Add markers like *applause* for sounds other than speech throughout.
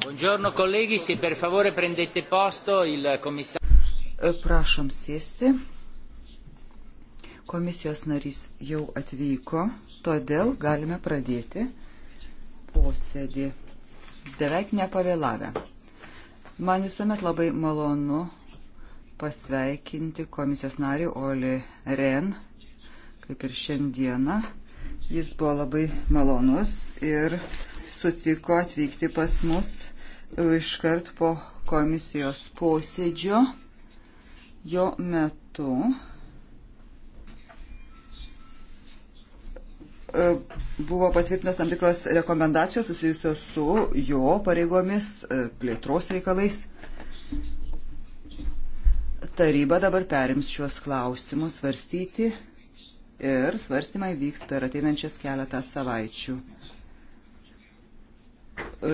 Buongiorno colleghi, se per favore prendete posto il commissario. E, prašom sėsti. Komisijos narys jau atvyko, todėl galime pradėti posėdį beveik nepavėlavę. Man visuomet labai malonu pasveikinti komisijos narį Oli Ren, kaip ir šiandieną Jis buvo labai malonus ir sutiko atvykti pas mus e, iškart po komisijos posėdžio. Jo metu e, buvo patvirtintos tam tikros rekomendacijos susijusios su jo pareigomis, e, plėtros reikalais. Taryba dabar perims šiuos klausimus svarstyti ir svarstymai vyks per ateinančias keletą savaičių.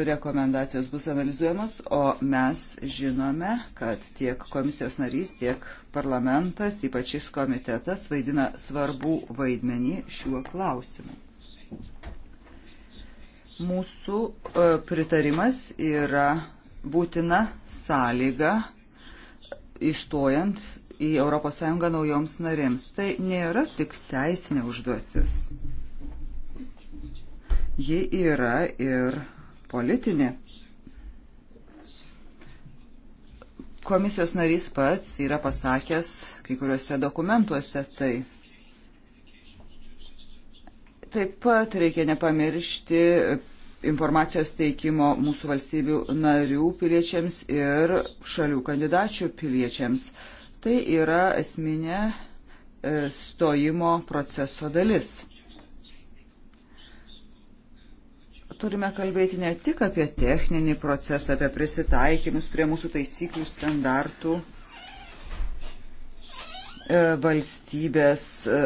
Rekomendacijos bus analizuojamos, o mes žinome, kad tiek komisijos narys, tiek parlamentas, ypač šis komitetas, vaidina svarbų vaidmenį šiuo klausimu. Mūsų e, pritarimas yra būtina sąlyga įstojant į ES naujoms narėms. Tai nėra tik teisinė užduotis. Ji yra ir politinė. Komisijos narys pats yra pasakęs kai kuriuose dokumentuose tai. Taip pat reikia nepamiršti informacijos teikimo mūsų valstybių narių piliečiams ir šalių kandidačių piliečiams. Tai yra esminė e, stojimo proceso dalis. Turime kalbėti ne tik apie techninį procesą, apie prisitaikymus prie mūsų taisyklių standartų e, valstybės e,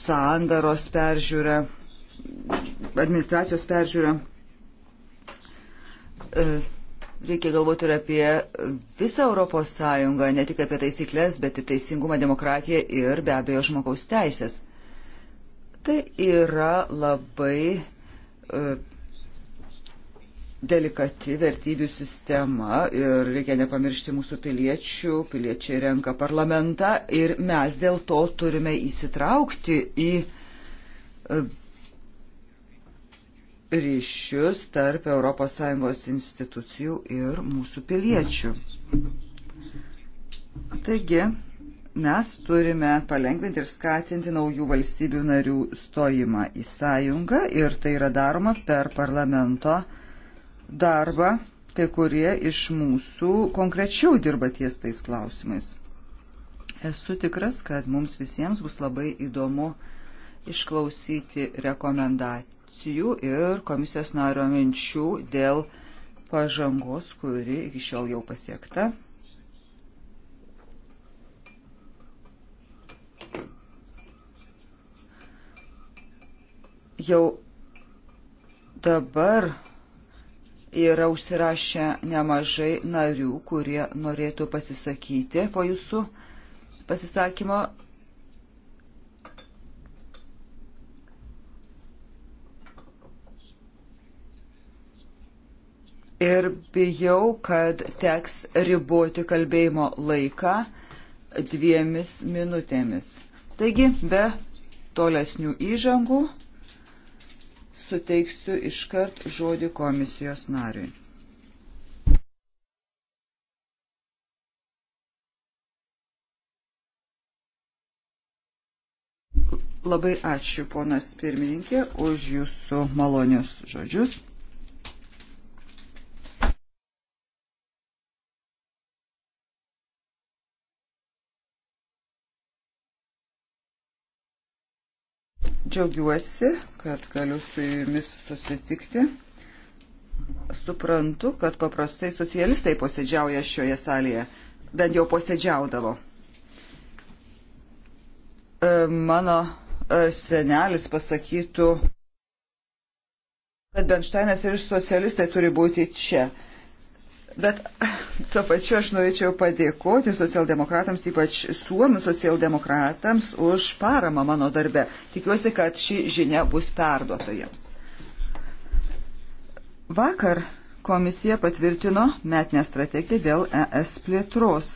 sandaros peržiūrą, administracijos peržiūrą reikia galvoti ir apie visą Europos Sąjungą, ne tik apie taisyklės, bet ir teisingumą, demokratiją ir be abejo žmogaus teisės. Tai yra labai e, delikati vertybių sistema ir reikia nepamiršti mūsų piliečių, piliečiai renka parlamentą ir mes dėl to turime įsitraukti į e, ryšius tarp ES institucijų ir mūsų piliečių. Taigi, mes turime palengvinti ir skatinti naujų valstybių narių stojimą į sąjungą ir tai yra daroma per parlamento darbą, kai kurie iš mūsų konkrečiau dirba ties tais klausimais. Esu tikras, kad mums visiems bus labai įdomu išklausyti rekomendaciją reakcijų ir komisijos nario minčių dėl pažangos, kuri iki šiol jau pasiekta. Jau dabar yra užsirašę nemažai narių, kurie norėtų pasisakyti po jūsų pasisakymo. ir bijau, kad teks riboti kalbėjimo laiką dviemis minutėmis. Taigi, be tolesnių įžangų suteiksiu iškart žodį komisijos nariui. Labai ačiū, ponas pirmininkė, už jūsų malonius žodžius. Džiaugiuosi, kad galiu su jumis susitikti. Suprantu, kad paprastai socialistai posėdžiauja šioje salėje, bent jau posėdžiaudavo. E, mano e, senelis pasakytų, kad Benšteinas ir socialistai turi būti čia. Bet *laughs* tuo pačiu aš norėčiau padėkoti socialdemokratams, ypač suomių socialdemokratams, už paramą mano darbe. Tikiuosi, kad ši žinia bus perduota jiems. Vakar komisija patvirtino metinę strategiją dėl ES plėtros.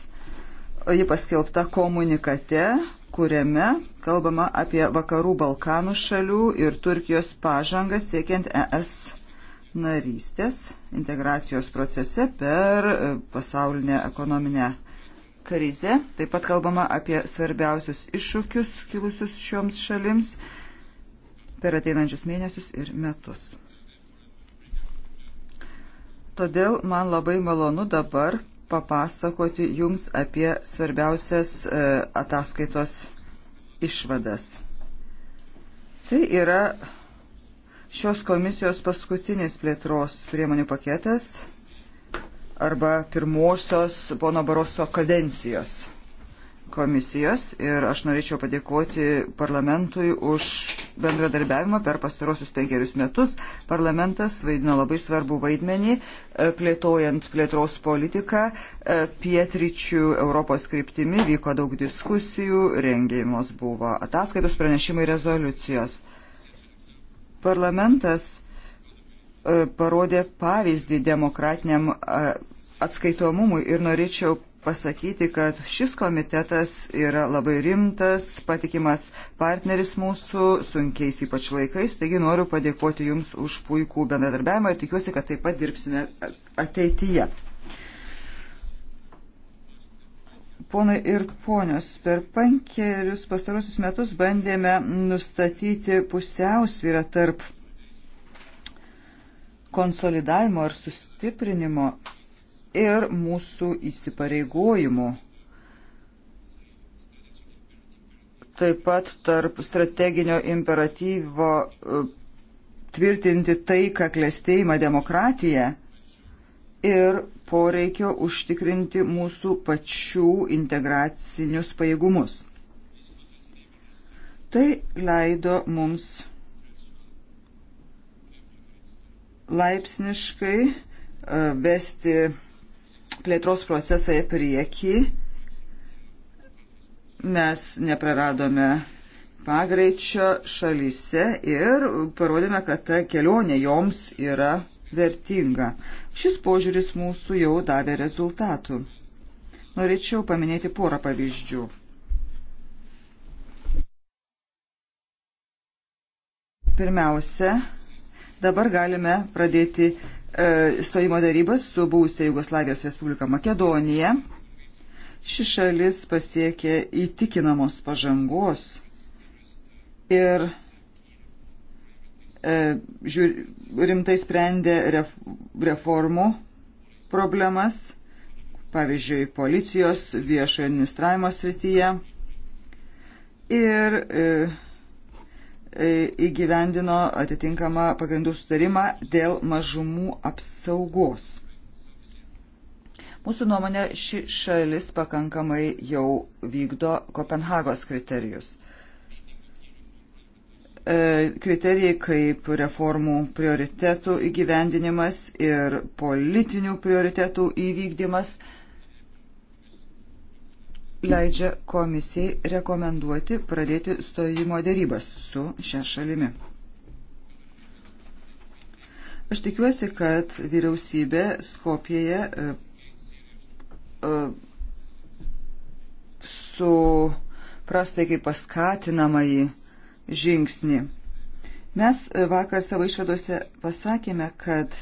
Ji paskelbta komunikate, kuriame kalbama apie vakarų Balkanų šalių ir Turkijos pažangą siekiant ES narystės integracijos procese per e, pasaulinę ekonominę krizę. Taip pat kalbama apie svarbiausius iššūkius kilusius šioms šalims per ateinančius mėnesius ir metus. Todėl man labai malonu dabar papasakoti Jums apie svarbiausias e, ataskaitos išvadas. Tai yra šios komisijos paskutinis plėtros priemonių paketas arba pirmosios pono Baroso kadencijos komisijos ir aš norėčiau padėkoti parlamentui už bendradarbiavimą per pastarosius penkerius metus. Parlamentas vaidino labai svarbų vaidmenį e, plėtojant plėtros politiką. E, pietryčių Europos kryptimi vyko daug diskusijų, rengimos buvo ataskaitos, pranešimai, rezoliucijos. Parlamentas e, parodė pavyzdį demokratiniam e, atskaitomumui ir norėčiau pasakyti, kad šis komitetas yra labai rimtas, patikimas partneris mūsų sunkiais ypač laikais, taigi noriu padėkoti Jums už puikų bendradarbiavimą ir tikiuosi, kad taip pat dirbsime ateityje. Ponai ir ponios, per penkerius pastarosius metus bandėme nustatyti pusiausvyrą tarp konsolidavimo ar sustiprinimo ir mūsų įsipareigojimų. Taip pat tarp strateginio imperatyvo e, tvirtinti taiką, klėstėjimą, demokratiją ir poreikio užtikrinti mūsų pačių integracinius pajėgumus. Tai leido mums laipsniškai e, vesti plėtros procesą į priekį. Mes nepraradome pagreičio šalyse ir parodėme, kad ta kelionė joms yra vertinga. Šis požiūris mūsų jau davė rezultatų. Norėčiau paminėti porą pavyzdžių. Pirmiausia, dabar galime pradėti e, stojimo darybas su buvusia Jugoslavijos Respublika Makedonija. Ši šalis pasiekė įtikinamos pažangos ir E, rimtai sprendė reformų problemas, pavyzdžiui, policijos viešojo administravimo srityje ir e, e, įgyvendino atitinkamą pagrindų sutarimą dėl mažumų apsaugos. Mūsų nuomonė, ši šalis pakankamai jau vykdo Kopenhagos kriterijus. E, kriterijai kaip reformų prioritetų įgyvendinimas ir politinių prioritetų įvykdymas leidžia komisijai rekomenduoti pradėti stojimo dėrybas su šia šalimi. Aš tikiuosi, kad vyriausybė Skopijoje e, e, su prastai kaip paskatinamai uh, žingsnį. Mes e, vakar savo išvadose pasakėme, kad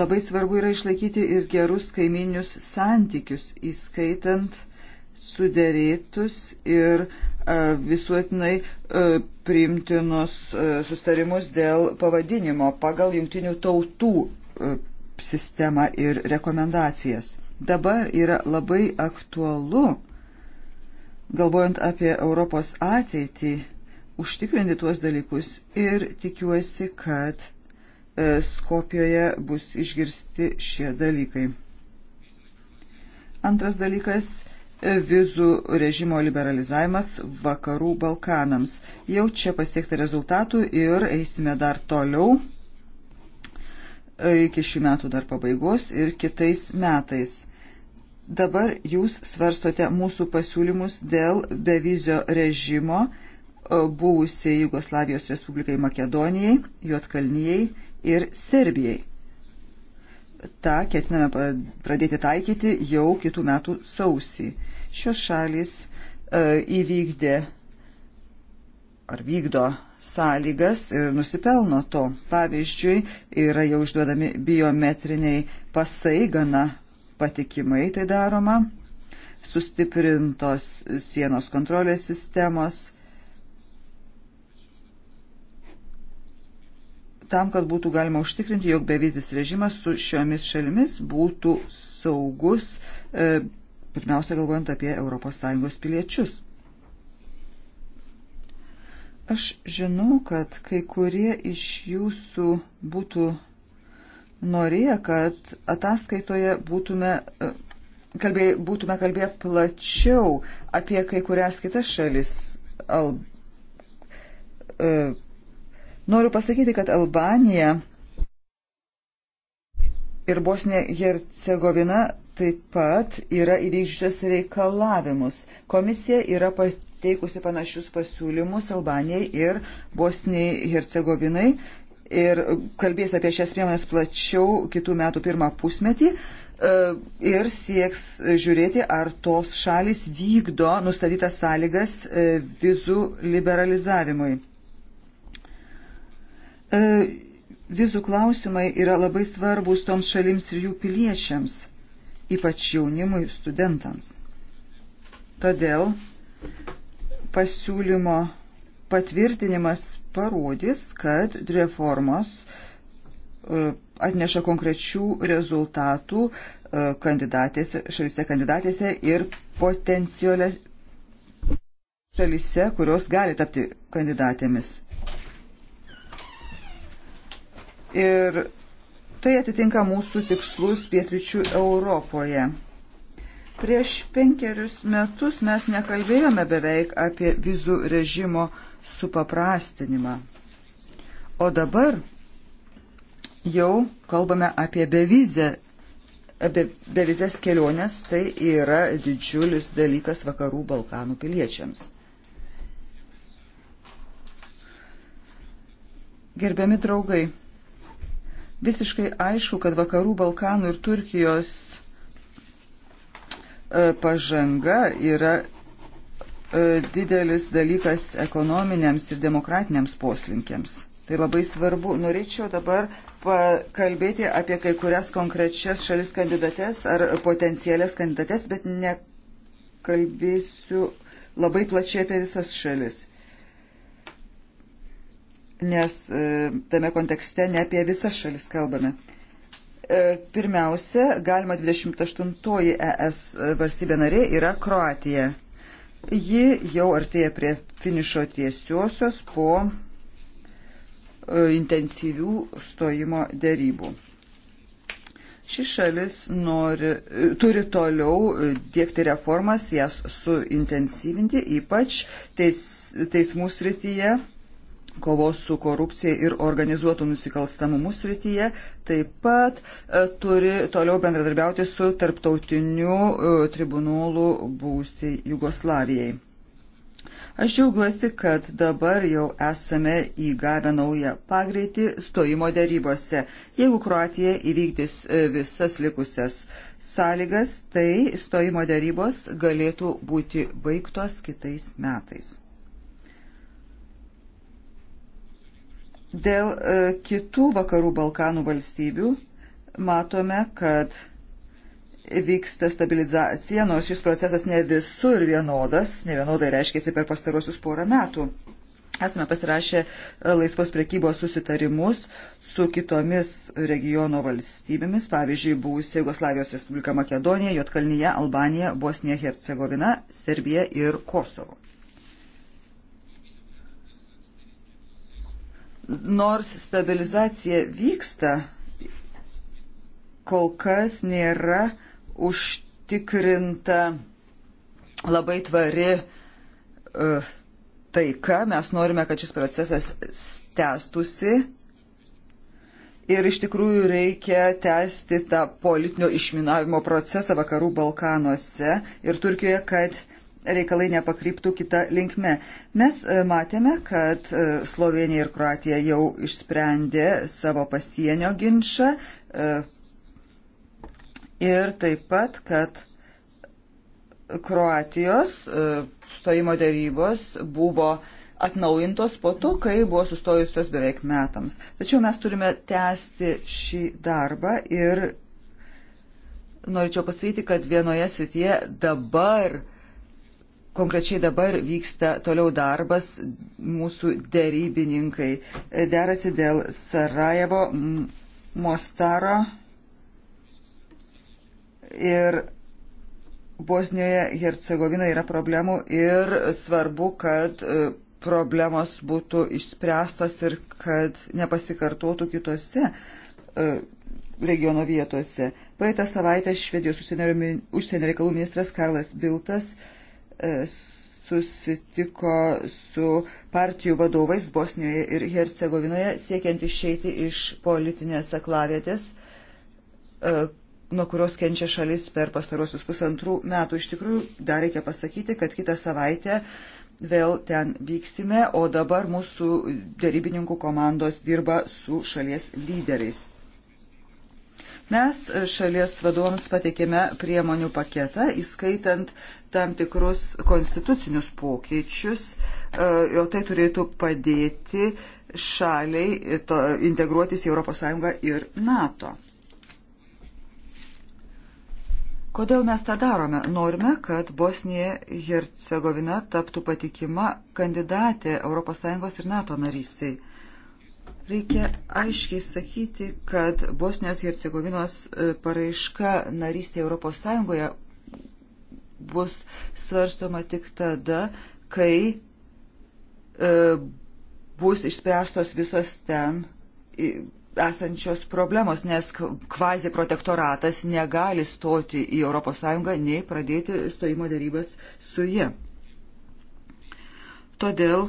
labai svarbu yra išlaikyti ir gerus kaiminius santykius, įskaitant sudėrėtus ir e, visuotinai e, priimtinus sustarimus dėl pavadinimo pagal jungtinių tautų sistemą ir rekomendacijas. Dabar yra labai aktualu, galvojant apie Europos ateitį, užtikrinti tuos dalykus ir tikiuosi, kad e, Skopijoje bus išgirsti šie dalykai. Antras dalykas - e, vizų režimo liberalizavimas vakarų Balkanams. Jau čia pasiekta rezultatų ir eisime dar toliau e, iki šių metų dar pabaigos ir kitais metais. Dabar jūs svarstote mūsų pasiūlymus dėl bevizio režimo buvusiai Jugoslavijos Respublikai Makedonijai, Juotkalnijai ir Serbijai. Ta ketiname pradėti taikyti jau kitų metų sausį. Šios šalis e, įvykdė ar vykdo sąlygas ir nusipelno to. Pavyzdžiui, yra jau išduodami biometriniai pasai, gana patikimai tai daroma, sustiprintos sienos kontrolės sistemos tam, kad būtų galima užtikrinti, jog bevizis režimas su šiomis šalimis būtų saugus, e, pirmiausia galvojant apie ES piliečius. Aš žinau, kad kai kurie iš jūsų būtų norėję, kad ataskaitoje būtume, e, kalbėj, būtume kalbėję plačiau apie kai kurias kitas šalis. Al, e, Noriu pasakyti, kad Albanija ir Bosnija Hercegovina taip pat yra įvykdžiusios reikalavimus. Komisija yra pateikusi panašius pasiūlymus Albanijai ir Bosnijai Hercegovinai ir kalbės apie šias priemonės plačiau kitų metų pirmą pusmetį e, ir sieks žiūrėti, ar tos šalis vykdo nustatytas sąlygas e, vizų liberalizavimui. E, vizų klausimai yra labai svarbus toms šalims ir jų piliečiams, ypač jaunimui ir studentams. Todėl pasiūlymo patvirtinimas parodys, kad reformos e, atneša konkrečių rezultatų e, kandidatėse, šalise kandidatėse ir potencialiose šalise, kurios gali tapti kandidatėmis Ir tai atitinka mūsų tikslus pietričių Europoje. Prieš penkerius metus mes nekalbėjome beveik apie vizų režimo supaprastinimą. O dabar jau kalbame apie bevizę, be, bevizės keliones, tai yra didžiulis dalykas vakarų Balkanų piliečiams. Gerbiami draugai, Visiškai aišku, kad vakarų Balkanų ir Turkijos e, pažanga yra e, didelis dalykas ekonominiams ir demokratiniams poslinkiams. Tai labai svarbu. Norėčiau dabar pakalbėti apie kai kurias konkrečias šalis kandidates ar potencialias kandidates, bet nekalbėsiu labai plačiai apie visas šalis nes e, tame kontekste ne apie visas šalis kalbame. E, pirmiausia, galima 28 ES valstybė narė yra Kroatija. Ji jau artėja prie finišo tiesiosios po e, intensyvių stojimo dėrybų. Ši šalis nori, turi toliau dėkti reformas, jas suintensyvinti, ypač teis, teismų srityje kovos su korupcija ir organizuotų nusikalstamumų srityje, taip pat e, turi toliau bendradarbiauti su tarptautiniu e, tribunolu būsiai Jugoslavijai. Aš džiaugiuosi, kad dabar jau esame įgavę naują pagreitį stojimo darybose. Jeigu Kroatija įvykdys e, visas likusias sąlygas, tai stojimo darybos galėtų būti baigtos kitais metais. Dėl e, kitų vakarų Balkanų valstybių matome, kad vyksta stabilizacija, nors šis procesas ne visur vienodas, ne vienodai reiškėsi per pastarosius porą metų. Esame pasirašę e, laisvos prekybos susitarimus su kitomis regiono valstybėmis, pavyzdžiui, buvusi Jugoslavijos Respublika Makedonija, Jotkalnyje, Albanija, Bosnija, Hercegovina, Serbija ir Kosovo. nors stabilizacija vyksta, kol kas nėra užtikrinta labai tvari uh, taika. Mes norime, kad šis procesas tęstusi. Ir iš tikrųjų reikia tęsti tą politinio išminavimo procesą vakarų Balkanuose ir Turkijoje, kad reikalai nepakryptų kitą linkme. Mes e, matėme, kad e, Slovenija ir Kroatija jau išsprendė savo pasienio ginčą e, ir taip pat, kad Kroatijos stojimo darybos buvo atnaujintos po to, kai buvo sustojusios beveik metams. Tačiau mes turime tęsti šį darbą ir norėčiau pasakyti, kad vienoje srityje dabar konkrečiai dabar vyksta toliau darbas, mūsų dėrybininkai derasi dėl Sarajevo, Mostaro ir Bosnijoje, Hercegovinoje yra problemų ir svarbu, kad e, problemos būtų išspręstos ir kad nepasikartotų kitose e, regiono vietose. Praeitą savaitę Švedijos užsienio reikalų ministras Karlas Biltas uh, E, susitiko su partijų vadovais Bosnijoje ir Hercegovinoje, siekiant išeiti iš politinės aklavietės, e, nuo kurios kenčia šalis per pastarosius pusantrų metų. Iš tikrųjų, dar reikia pasakyti, kad kitą savaitę vėl ten vyksime, o dabar mūsų darybininkų komandos dirba su šalies lyderiais. Mes e, šalies vadovams pateikėme priemonių paketą, įskaitant tam tikrus konstitucinius pokyčius, o e, tai turėtų padėti šaliai e, integruotis į ES ir NATO. Kodėl mes tą darome? Norime, kad Bosnija ir Hercegovina taptų patikima kandidatė ES ir NATO narysiai. Reikia aiškiai sakyti, kad Bosnijos Hercegovinos e, paraiška narystė Europos Sąjungoje bus svarstoma tik tada, kai e, bus išspręstos visos ten esančios problemos, nes kvazi protektoratas negali stoti į ES nei pradėti stojimo darybas su jie. Todėl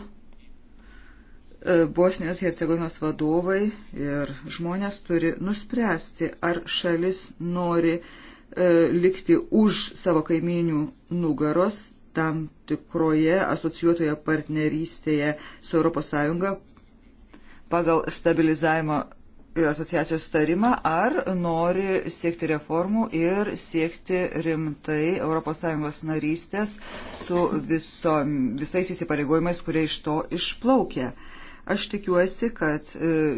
E, Bosnijos Hercegovinos vadovai ir žmonės turi nuspręsti, ar šalis nori e, likti už savo kaiminių nugaros tam tikroje asociuotoje partnerystėje su ES pagal stabilizavimo ir asociacijos starimą, ar nori siekti reformų ir siekti rimtai ES narystės su visom, visais įsipareigojimais, kurie iš to išplaukia. Aš tikiuosi, kad e,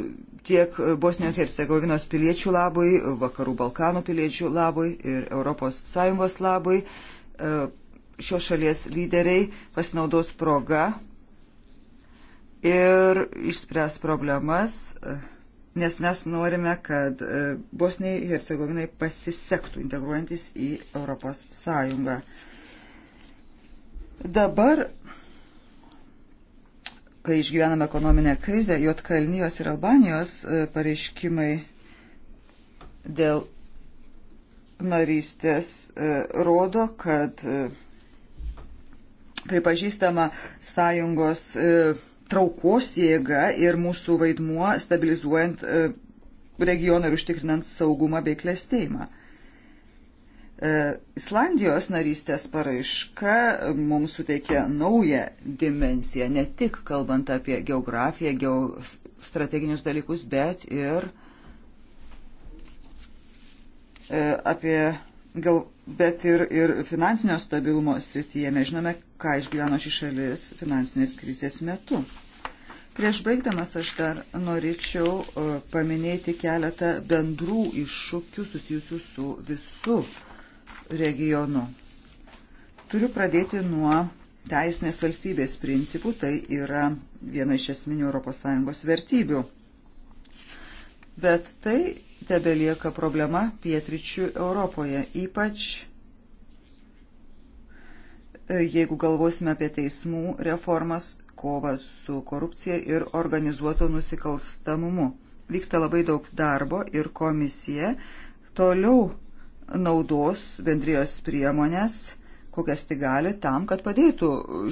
tiek Bosnijos ir Segovinos piliečių labui, Vakarų Balkanų piliečių labui ir ES labui e, šios šalies lyderiai pasinaudos proga ir išspręs problemas, e, nes mes norime, kad Bosniai ir Hercegovinai pasisektų integruojantis į ES. Dabar kai išgyvename ekonominę krizę, Jotkalnijos ir Albanijos e, pareiškimai dėl narystės e, rodo, kad e, pripažįstama sąjungos traukos jėga ir mūsų vaidmuo stabilizuojant regioną ir užtikrinant saugumą bei klėstėjimą. E, Islandijos narystės paraiška mums suteikia naują dimensiją, ne tik kalbant apie geografiją, geostrateginius dalykus, bet ir e, apie gal, bet ir, ir finansinio stabilumo srityje. Mes žinome, ką išgyveno ši šalis finansinės krizės metu. Prieš baigdamas aš dar norėčiau e, paminėti keletą bendrų iššūkių susijusių su visu regionu. Turiu pradėti nuo teisinės valstybės principų, tai yra viena iš esminių ES vertybių. Bet tai tebelieka problema pietričių Europoje, ypač e, jeigu galvosime apie teismų reformas, kovą su korupcija ir organizuoto nusikalstamumu. Vyksta labai daug darbo ir komisija toliau naudos bendrijos priemonės, kokias tik gali, tam, kad padėtų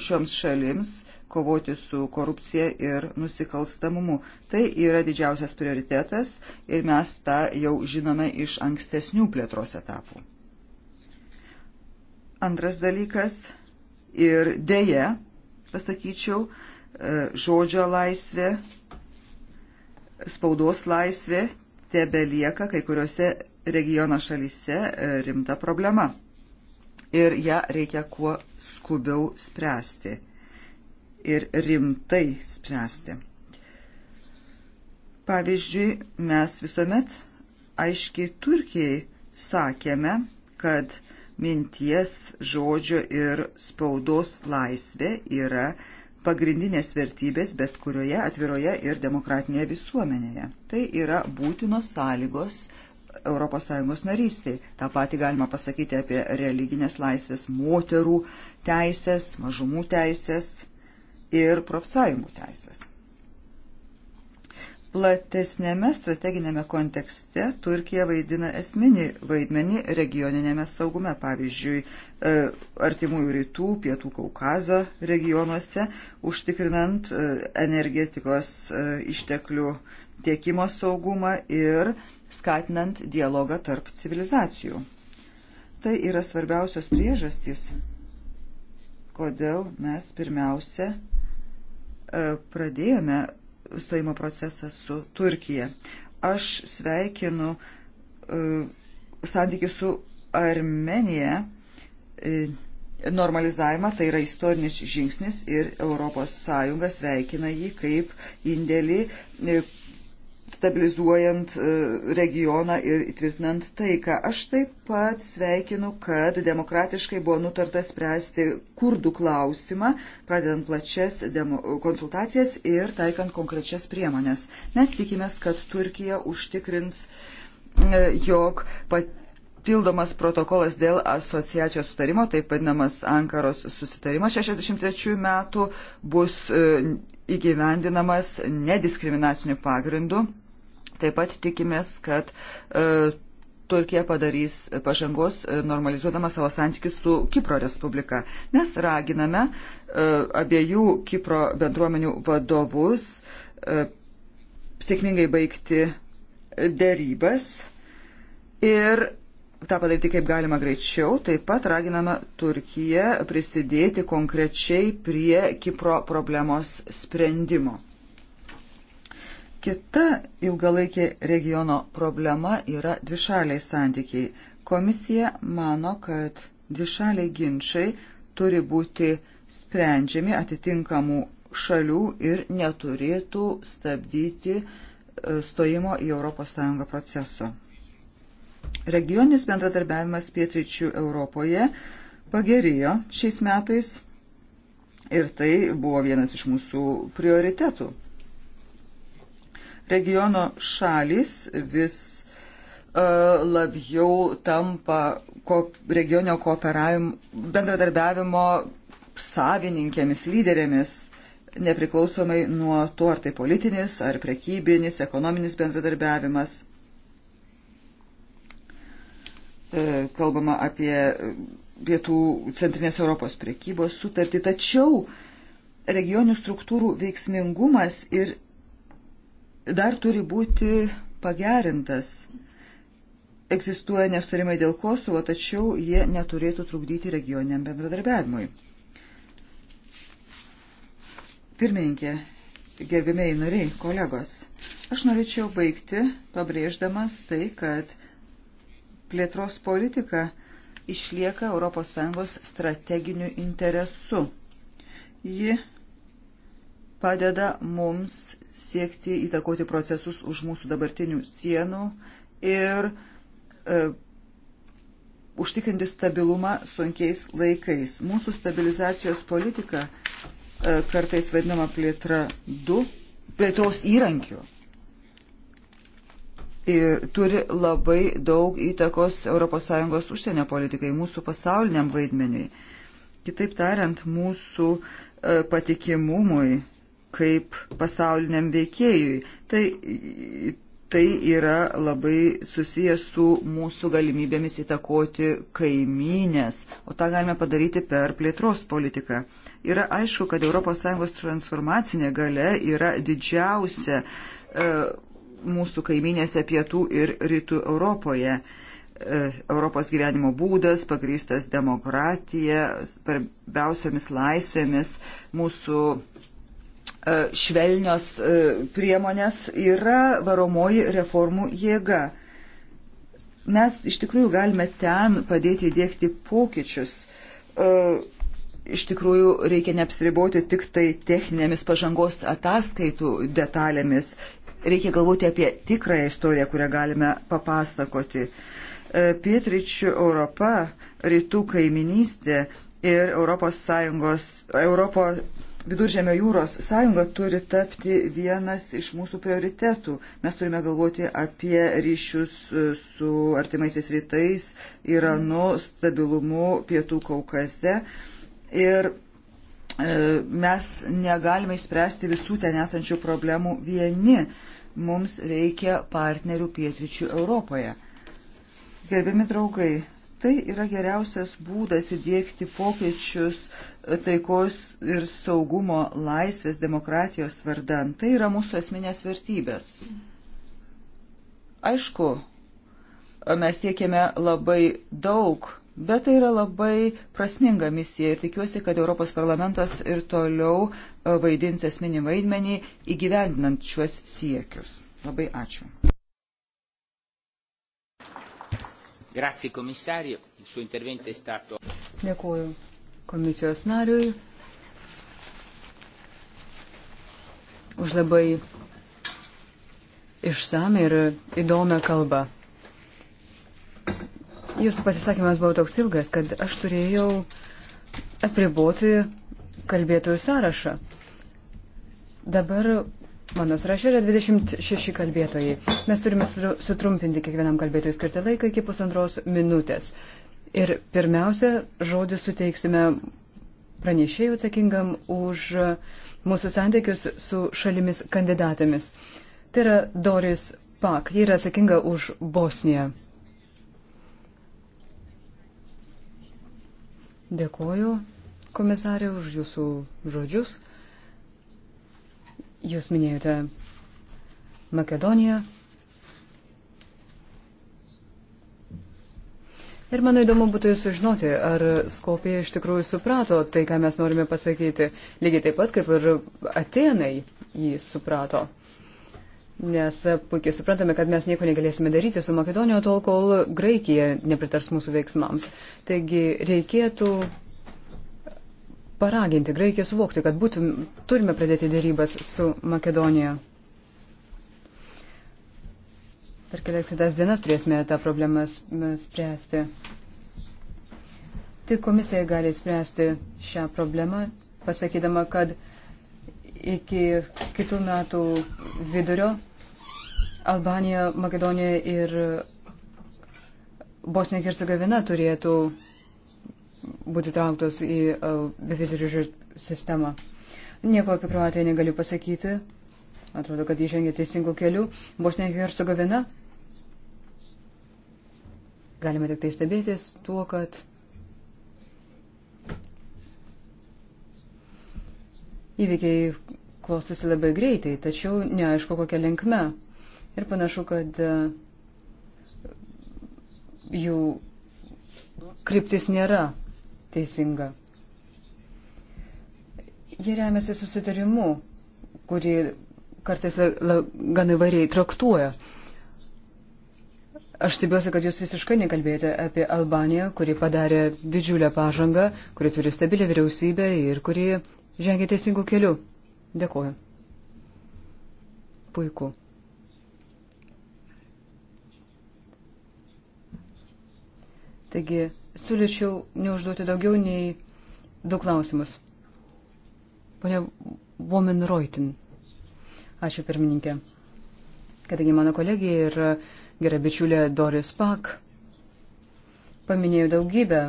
šioms šalims kovoti su korupcija ir nusikalstamumu. Tai yra didžiausias prioritetas ir mes tą jau žinome iš ankstesnių plėtros etapų. Antras dalykas ir dėje, pasakyčiau, e, žodžio laisvė, spaudos laisvė tebe lieka kai kuriuose regiono šalyse e, rimta problema ir ją reikia kuo skubiau spręsti ir rimtai spręsti. Pavyzdžiui, mes visuomet aiškiai Turkijai sakėme, kad minties, žodžio ir spaudos laisvė yra pagrindinės vertybės bet kurioje atviroje ir demokratinėje visuomenėje. Tai yra būtinos sąlygos ES narystiai. Ta pati galima pasakyti apie religinės laisvės, moterų teisės, mažumų teisės ir profsąjungų teisės. Platesnėme strateginėme kontekste Turkija vaidina esminį vaidmenį regioninėme saugume, pavyzdžiui, e, artimųjų rytų, pietų Kaukazo regionuose, užtikrinant e, energetikos e, išteklių tiekimo saugumą ir skatinant dialogą tarp civilizacijų. Tai yra svarbiausios priežastys, kodėl mes pirmiausia e, pradėjome stojimo procesą su Turkija. Aš sveikinu e, santykių su Armenija e, normalizavimą, tai yra istorinis žingsnis ir ES sveikina jį kaip indėlį stabilizuojant e, regioną ir įtvirtinant taiką. Aš taip pat sveikinu, kad demokratiškai buvo nutarta spręsti kurdų klausimą, pradedant plačias konsultacijas ir taikant konkrečias priemonės. Mes tikimės, kad Turkija užtikrins, e, jog pat Tildomas protokolas dėl asociacijos sutarimo, taip vadinamas Ankaros susitarimas 63 metų, bus e, įgyvendinamas nediskriminaciniu pagrindu Taip pat tikimės, kad e, Turkija padarys pažangos, e, normalizuodama savo santykius su Kipro Respublika. Mes raginame e, abiejų Kipro bendruomenių vadovus e, sėkmingai baigti dėrybas ir tą padaryti kaip galima greičiau. Taip pat raginame Turkiją prisidėti konkrečiai prie Kipro problemos sprendimo. Kita ilgalaikė regiono problema yra dvišaliai santykiai. Komisija mano, kad dvišaliai ginčiai turi būti sprendžiami atitinkamų šalių ir neturėtų stabdyti e, stojimo į ES proceso. Regioninis bendradarbiavimas pietryčių Europoje pagerėjo šiais metais ir tai buvo vienas iš mūsų prioritetų. Regiono šalis vis e, labiau tampa regioninio bendradarbiavimo savininkėmis, lyderėmis, nepriklausomai nuo to, ar tai politinis, ar prekybinis, ekonominis bendradarbiavimas. E, kalbama apie pietų centrinės Europos prekybos sutartį, tačiau regionių struktūrų veiksmingumas ir dar turi būti pagerintas. Egzistuoja nesurimai dėl Kosovo, tačiau jie neturėtų trukdyti regioniam bendradarbiavimui. Pirmininkė, gerbimiai nariai, kolegos, aš norėčiau baigti pabrėždamas tai, kad plėtros politika išlieka ES strateginiu interesu. Ji padeda mums siekti įtakoti procesus už mūsų dabartinių sienų ir e, užtikrinti stabilumą sunkiais laikais. Mūsų stabilizacijos politika e, kartais vadinama plėtra 2, plėtros įrankiu ir turi labai daug įtakos ES užsienio politikai, mūsų pasauliniam vaidmeniui. Kitaip tariant, mūsų e, patikimumui kaip pasauliniam veikėjui. Tai, tai yra labai susijęs su mūsų galimybėmis įtakoti kaimynės, o tą galime padaryti per plėtros politiką. Yra aišku, kad ES transformacinė gale yra didžiausia e, mūsų kaiminėse pietų ir rytų Europoje. E, Europos gyvenimo būdas, pagrįstas demokratija, svarbiausiamis laisvėmis, mūsų E, švelnios e, priemonės yra varomoji reformų jėga. Mes iš tikrųjų galime ten padėti įdėkti pokyčius. E, iš tikrųjų reikia neapsiriboti tik tai techninėmis pažangos ataskaitų detalėmis. Reikia galvoti apie tikrąją istoriją, kurią galime papasakoti. Pietričių Europa, rytų kaiminystė ir Europos, Sąjungos, Europos Viduržėmio jūros sąjunga turi tapti vienas iš mūsų prioritetų. Mes turime galvoti apie ryšius e, su artimaisiais rytais, Iranu, stabilumu Pietų Kaukaze. Ir e, mes negalime išspręsti visų ten esančių problemų vieni. Mums reikia partnerių pietryčių Europoje. Gerbiami draugai, Tai yra geriausias būdas įdėkti pokyčius taikos ir saugumo laisvės demokratijos vardan. Tai yra mūsų esminės vertybės. Aišku, mes tiekėme labai daug, bet tai yra labai prasminga misija ir tikiuosi, kad Europos parlamentas ir toliau vaidins esminį vaidmenį įgyvendinant šiuos siekius. Labai ačiū. Grazie komisarijai, su interventė stato. Dėkuoju komisijos nariui už labai išsame ir įdomią kalbą. Jūsų pasisakymas buvo toks ilgas, kad aš turėjau apriboti kalbėtojų sąrašą. Dabar Mano sąraše yra 26 kalbėtojai. Mes turime sutrumpinti kiekvienam kalbėtojui skirtą laiką iki pusantros minutės. Ir pirmiausia, žodį suteiksime pranešėjų atsakingam už mūsų santykius su šalimis kandidatėmis. Tai yra Doris Pak, ji yra atsakinga už Bosniją. Dėkuoju, komisarė, už jūsų žodžius. Jūs minėjote Makedoniją. Ir man įdomu būtų jūs sužinoti, ar Skopija iš tikrųjų suprato tai, ką mes norime pasakyti, lygiai taip pat kaip ir Atenai jį suprato. Nes puikiai suprantame, kad mes nieko negalėsime daryti su Makedonija tol, kol Graikija nepritars mūsų veiksmams. Taigi reikėtų paraginti Graikiją suvokti, kad būtum, turime pradėti dėrybas su Makedonija. Per kelias kitas dienas turėsime tą problemą spręsti. Tik komisija gali spręsti šią problemą, pasakydama, kad iki kitų metų vidurio Albanija, Makedonija ir Bosnija ir Hercegovina turėtų būti trauktos į e, bevizirių sistemą. Nieko apie Kroatiją negaliu pasakyti. Atrodo, kad įžengė teisingų kelių. Bosnija ir Hercegovina. Galime tik tai stebėtis tuo, kad įvykiai klostosi labai greitai, tačiau neaišku, kokia linkme. Ir panašu, kad e, jų kryptis nėra teisinga. Jie remiasi susitarimu, kurį kartais la, la, gan įvairiai traktuoja. Aš stebiuosi, kad jūs visiškai nekalbėjote apie Albaniją, kuri padarė didžiulę pažangą, kuri turi stabilę vyriausybę ir kuri žengia teisingų kelių. Dėkuoju. Puiku. Taigi, siūlyčiau neužduoti daugiau nei du klausimus. Pone Woman Reutin. Ačiū pirmininkė. Kadangi mano kolegija ir gera bičiulė Doris Pak paminėjo daugybę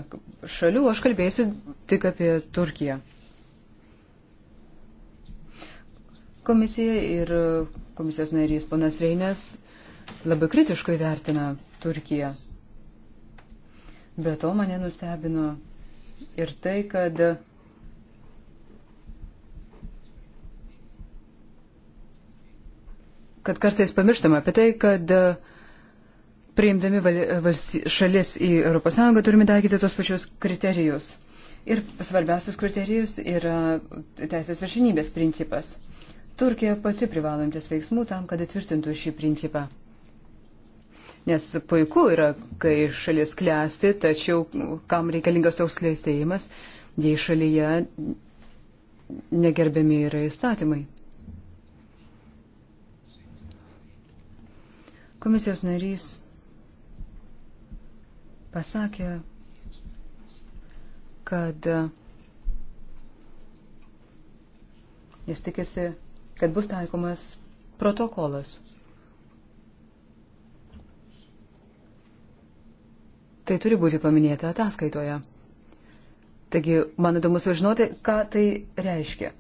šalių, aš kalbėsiu tik apie Turkiją. Komisija ir komisijos narys ponas Reinės labai kritiškai vertina Turkiją. Be to mane nustebino ir tai, kad kad kartais pamirštama apie tai, kad priimdami šalis į ES turime taikyti tos pačius kriterijus. Ir svarbiausias kriterijus yra teisės viršinybės principas. Turkija pati privalantis veiksmų tam, kad įtvirtintų šį principą. Nes puiku yra, kai šalis klesti, tačiau kam reikalingas toks klėstėjimas, jei šalyje negerbiami yra įstatymai. Komisijos narys pasakė, kad jis tikisi, kad bus taikomas protokolas Tai turi būti paminėta ataskaitoje. Taigi, man įdomu sužinoti, ką tai reiškia.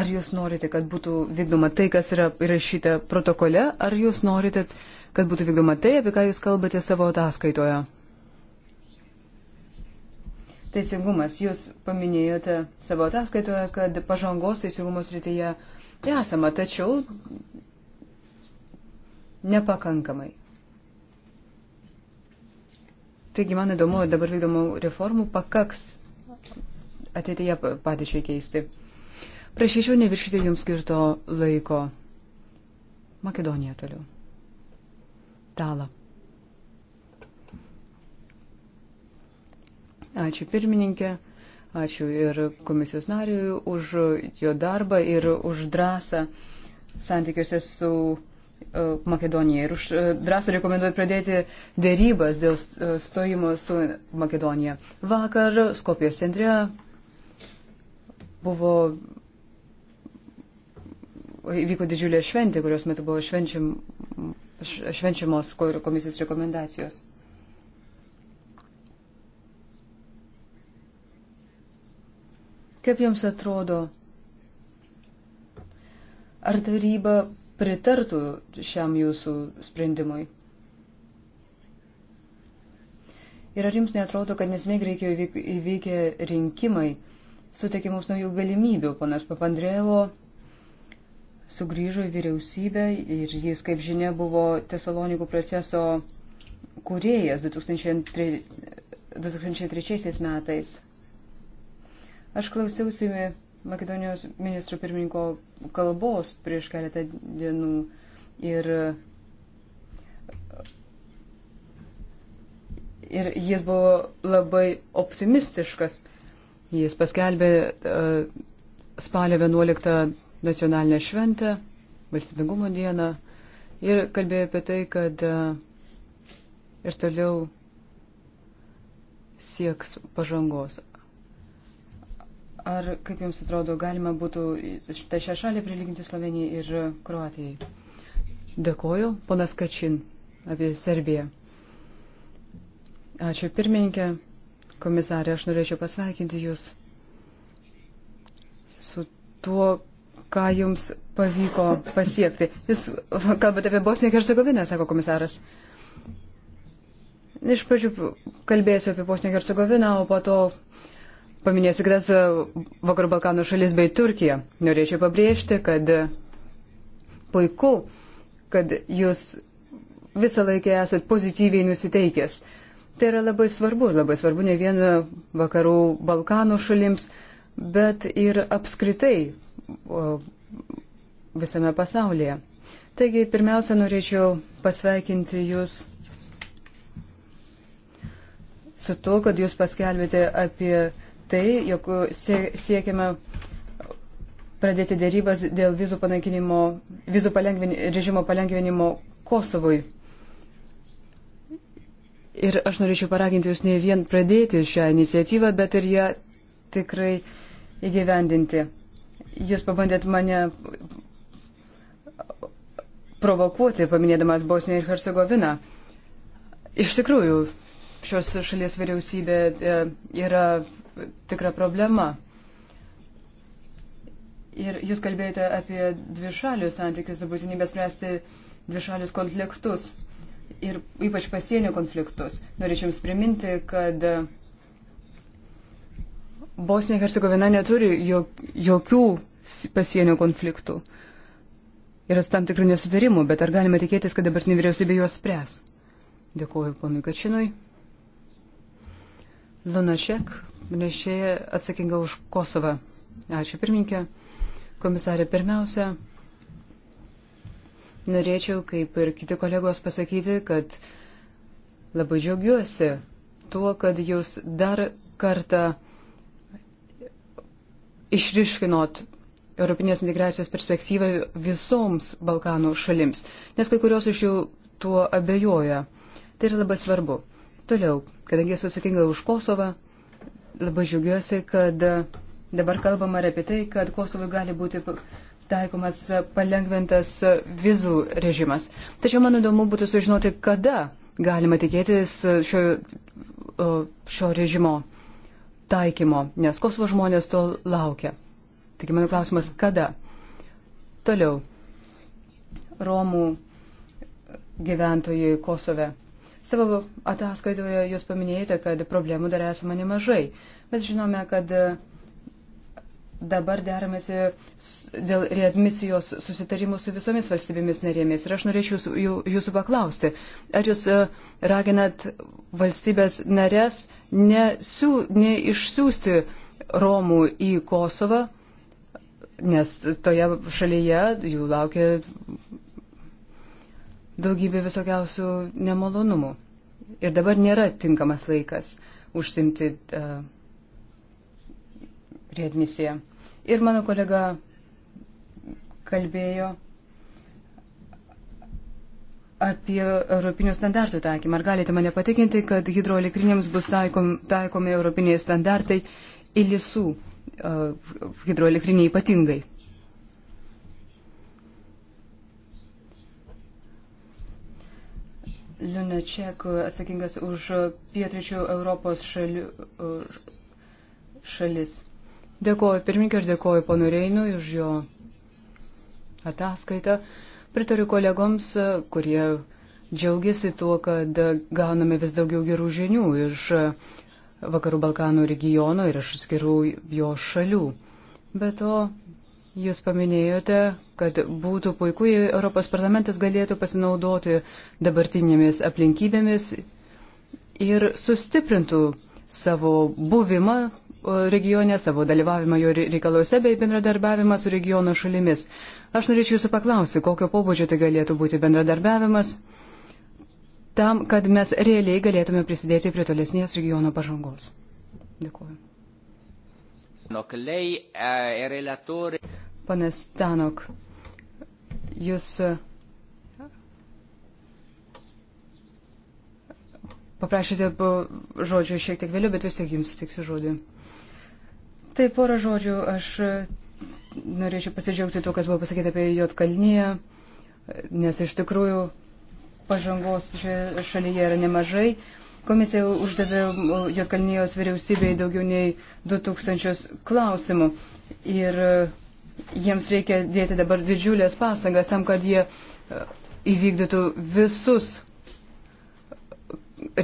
Ar jūs norite, kad būtų vykdoma tai, kas yra įrašyta protokole, ar jūs norite, kad būtų vykdoma tai, apie ką jūs kalbate savo ataskaitoje? Teisingumas, jūs paminėjote savo ataskaitoje, kad pažangos teisingumos rytyje esama, tačiau nepakankamai. Taigi, man įdomu, dabar vykdomų reformų pakaks ateityje padėčiai keisti. Prašyčiau neviršyti jums skirto laiko. Makedonija toliau. Tala. Ačiū pirmininkė, ačiū ir komisijos nariui už jo darbą ir už drąsą santykiuose su E, Makedonija ir už e, drąsą rekomenduoju pradėti dėrybas dėl e, stojimo su Makedonija. Vakar Skopijos centre buvo įvyko didžiulė šventė, kurios metu buvo švenčiam, švenčiamos komisijos rekomendacijos. Kaip jums atrodo, ar taryba pritartų šiam jūsų sprendimui. Ir ar jums netrodo, kad nesiniai Graikijoje įvykę rinkimai suteikė mums naujų galimybių? Ponas Papandrėvo sugrįžo į vyriausybę ir jis, kaip žinia, buvo Tesalonikų proceso kūrėjas 2003, 2003 metais. Aš klausiausi Makedonijos ministro pirmininko kalbos prieš keletą dienų ir, ir jis buvo labai optimistiškas. Jis paskelbė uh, spalio 11 nacionalinę šventę, valstybingumo dieną ir kalbėjo apie tai, kad uh, ir toliau sieks pažangos ar, kaip Jums atrodo, galima būtų šitą šią šalį prilyginti Slovenijai ir Kroatijai? Dėkoju, ponas Kačin, apie Serbiją. Ačiū pirmininkė, komisarė, aš norėčiau pasveikinti Jūs su tuo, ką Jums pavyko pasiekti. Jūs kalbate apie Bosniją ir Hercegoviną, sako komisaras. Iš pradžių kalbėsiu apie Bosniją ir Hercegoviną, o po to Paminėsiu kitas e, Vakarų Balkanų šalis bei Turkiją. Norėčiau pabrėžti, kad puiku, kad jūs visą laikę esat pozityviai nusiteikęs. Tai yra labai svarbu ir labai svarbu ne vien Vakarų Balkanų šalims, bet ir apskritai visame pasaulyje. Taigi, pirmiausia, norėčiau pasveikinti jūs su to, kad jūs paskelbėte apie tai, jog siekiame pradėti dėrybas dėl vizų, vizų palengvin, režimo palengvinimo Kosovui. Ir aš norėčiau paraginti jūs ne vien pradėti šią iniciatyvą, bet ir ją tikrai įgyvendinti. Jūs pabandėt mane provokuoti, paminėdamas Bosniją ir Hercegoviną. Iš tikrųjų, šios šalies vyriausybė e, yra tikra problema. Ir jūs kalbėjote apie dvišalius santykius ir tai būtinybę spręsti dvišalius konfliktus ir ypač pasienio konfliktus. Norėčiau Jums priminti, kad Bosnija ir Hercegovina neturi jokių pasienio konfliktų. Yra tam tikrų nesutarimų, bet ar galime tikėtis, kad dabartinė vyriausybė juos spręs? Dėkuoju ponui Kačinui. Lunašek, nešėja atsakinga už Kosovą. Ačiū pirminkė. Komisarė, pirmiausia, norėčiau, kaip ir kiti kolegos, pasakyti, kad labai džiaugiuosi tuo, kad jūs dar kartą išriškinot Europinės integracijos perspektyvą visoms Balkanų šalims, nes kai kurios iš jų tuo abejoja. Tai yra labai svarbu. Toliau, kadangi esu atsakinga už Kosovą, Labai žiūgiuosi, kad dabar kalbama ir apie tai, kad Kosovui gali būti taikomas palengvintas vizų režimas. Tačiau man įdomu būtų sužinoti, kada galima tikėtis šio, šio režimo taikymo, nes Kosovo žmonės to laukia. Taigi mano klausimas, kada? Toliau. Romų gyventojai Kosove Savo ataskaitoje jūs paminėjote, kad problemų dar esame nemažai. Mes žinome, kad dabar deramasi dėl readmisijos susitarimų su visomis valstybėmis narėmis. Ir aš norėčiau jūsų, jūsų paklausti, ar jūs e, raginat valstybės narės nesiū, neišsiųsti Romų į Kosovą, nes toje šalyje jų laukia daugybė visokiausių nemalonumų. Ir dabar nėra tinkamas laikas užsimti uh, e, riedmisiją. Ir mano kolega kalbėjo apie europinių standartų taikymą. Ar galite mane patikinti, kad hidroelektrinėms bus taikom, taikomi europiniai standartai, ilisų uh, e, hidroelektrinė ypatingai? Lunaček atsakingas už pietričių Europos šali, šalis. Dėkoju pirmininkai ir dėkoju ponu Reinui už jo ataskaitą. Pritariu kolegoms, kurie džiaugiasi tuo, kad gauname vis daugiau gerų žinių iš Vakarų Balkanų regiono ir iš skirų jo šalių. Be to, Jūs paminėjote, kad būtų puiku, jei Europos parlamentas galėtų pasinaudoti dabartinėmis aplinkybėmis ir sustiprintų savo buvimą regione, savo dalyvavimą jo reikaluose bei bendradarbiavimą su regiono šalimis. Aš norėčiau jūsų paklausti, kokio pobūdžio tai galėtų būti bendradarbiavimas tam, kad mes realiai galėtume prisidėti prie tolesnės regiono pažangos. Dėkuoju. Panas Tanok, jūs e, paprašėte žodžių šiek tiek vėliau, bet vis tiek jums sutiksiu žodį. Tai porą žodžių aš e, norėčiau pasidžiaugti tuo, kas buvo pasakyta apie Jotkalnyje, nes iš tikrųjų pažangos šioje šalyje yra nemažai. Komisija uždavė Jotkalnyjos vyriausybei daugiau nei 2000 klausimų. Ir e, jiems reikia dėti dabar didžiulės pastangas tam, kad jie e, įvykdytų visus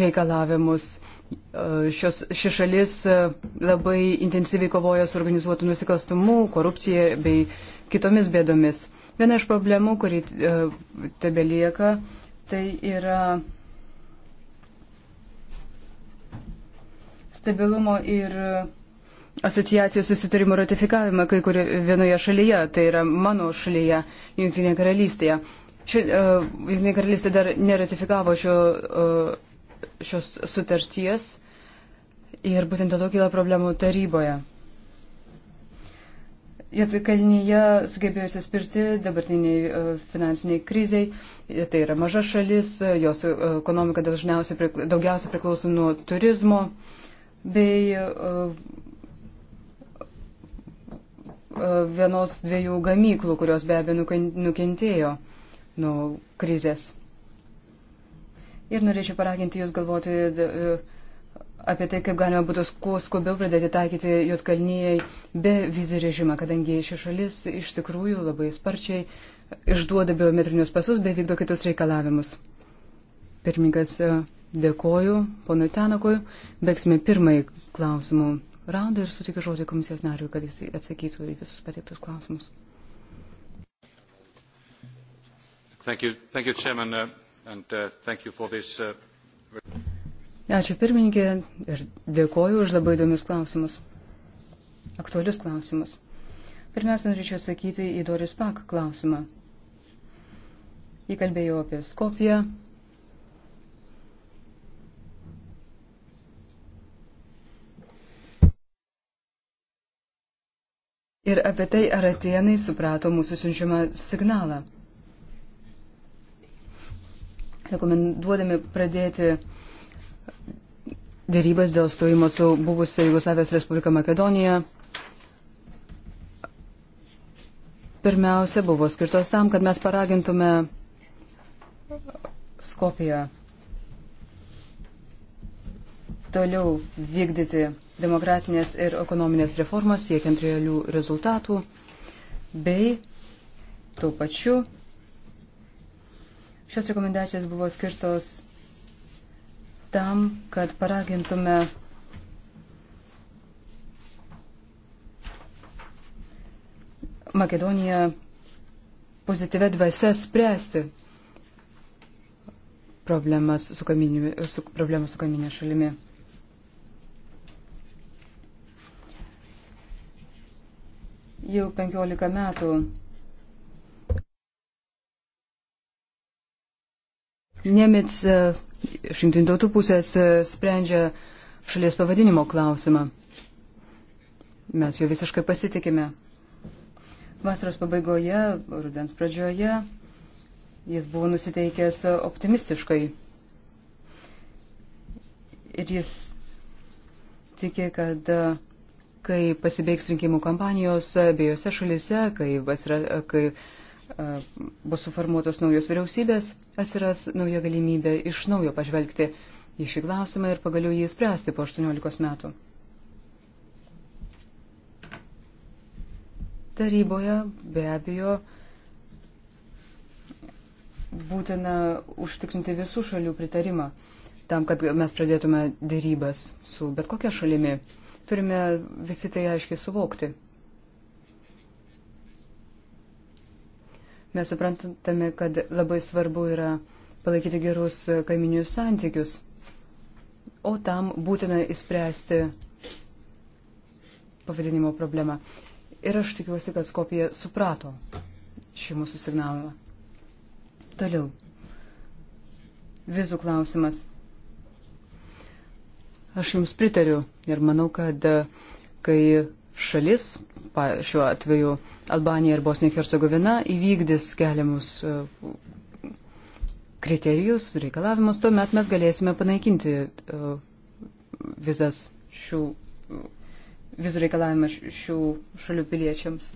reikalavimus. E, šios, ši šalis e, labai intensyviai kovoja su organizuotu nusikalstumu, korupcija bei kitomis bėdomis. Viena iš problemų, kuri tebe lieka, tai yra stabilumo ir asociacijos susitarimo ratifikavimą kai kurioje vienoje šalyje, tai yra mano šalyje, Junktinėje karalystėje. Ši, uh, Junktinė karalystė dar neratifikavo šio, uh, šios sutarties ir būtent dėl to kyla problemų taryboje. Jatkalnyje sugebėjo įsispirti dabartiniai e, finansiniai kriziai, tai yra maža šalis, jos ekonomika daugiausia priklauso nuo turizmo bei uh, E, vienos dviejų gamyklų, kurios be abejo nukentėjo nuo krizės. Ir norėčiau paraginti Jūs galvoti e, apie tai, kaip galima būtų kuo skubiau pradėti taikyti Jotkalnyjai be vizų režimą, kadangi ši šalis iš tikrųjų labai sparčiai išduoda biometrinius pasus bei vykdo kitus reikalavimus. Pirmininkas, e, dėkoju ponui Tenakui. Bėgsime pirmąjį klausimų raundą ir sutikiu žodį komisijos nariui, kad jis atsakytų į visus pateiktus klausimus. Thank you, thank you, Chairman, uh, and, uh, thank you for this, uh... Ačiū pirmininkė ir dėkoju už labai įdomius klausimus, aktualius klausimus. Pirmiausia, norėčiau atsakyti į Doris Pak klausimą. Jį kalbėjo apie Skopiją, ir apie tai, ar atėnai suprato mūsų siunčiamą signalą. Rekomenduodami pradėti dėrybas dėl stojimo su buvusia Jugoslavijos Respublika Makedonija, pirmiausia buvo skirtos tam, kad mes paragintume Skopiją toliau vykdyti demokratinės ir ekonominės reformas siekiant realių rezultatų bei tuo pačiu šios rekomendacijos buvo skirtos tam, kad paragintume Makedoniją pozityvę dvasę spręsti problemas su, kaminimi, su, problemas su kaminė šalimi. jau 15 metų. Nemets e, iš jungtinių tautų pusės e, sprendžia šalies pavadinimo klausimą. Mes jo visiškai pasitikime. Vasaros pabaigoje, rudens pradžioje jis buvo nusiteikęs optimistiškai. Ir jis tikė, kad e, kai pasibaigs rinkimų kampanijos abiejose šalise, kai, vasira, kai a, bus suformuotos naujos vyriausybės, atsiras nauja galimybė iš naujo pažvelgti į šį klausimą ir pagaliau jį spręsti po 18 metų. Taryboje be abejo būtina užtikrinti visų šalių pritarimą tam, kad mes pradėtume dėrybas su bet kokia šalimi. Turime visi tai aiškiai suvokti. Mes suprantame, kad labai svarbu yra palaikyti gerus kaiminius santykius, o tam būtina įspręsti pavadinimo problemą. Ir aš tikiuosi, kad Skopija suprato šį mūsų signalą. Toliau. Vizų klausimas. Aš Jums pritariu ir manau, kad e, kai šalis, šiuo atveju Albanija ir Bosnija Hercegovina, įvykdys keliamus e, kriterijus, reikalavimus, tuomet mes galėsime panaikinti e, vizas šių, vizų reikalavimą šių šalių piliečiams.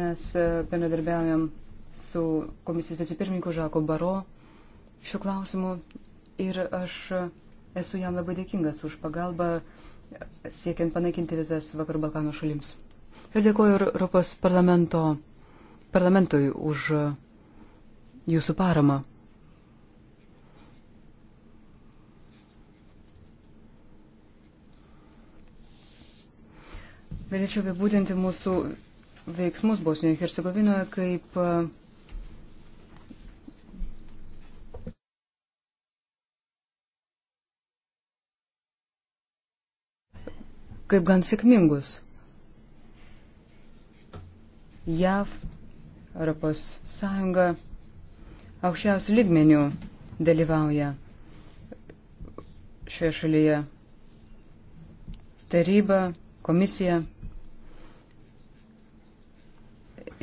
Mes bendradarbiaujam su komisijos vicepirmininku Žako Baro šiuo klausimu ir aš esu jam labai dėkingas už pagalbą siekiant panaikinti vizas Vakarų Balkanų šalims. Ir dėkoju Europos parlamentui už jūsų paramą. Galėčiau apibūdinti mūsų veiksmus Bosnijoje ir Hercegovinoje kaip uh, kaip gan sėkmingus. JAV, Europos Sąjunga aukščiausių lygmenių dalyvauja šioje šalyje. Taryba, komisija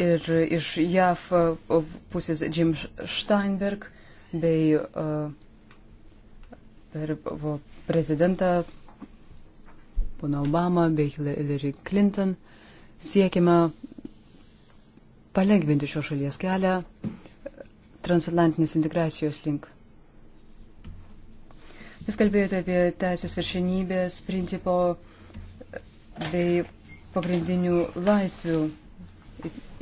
ir iš JAV pusės Jim Steinberg bei uh, per prezidentą pono Obama bei Hillary Clinton siekime palengvinti šios šalies kelią e, transatlantinės integracijos link. Jūs kalbėjote apie teisės viršinybės principo e, bei pagrindinių laisvių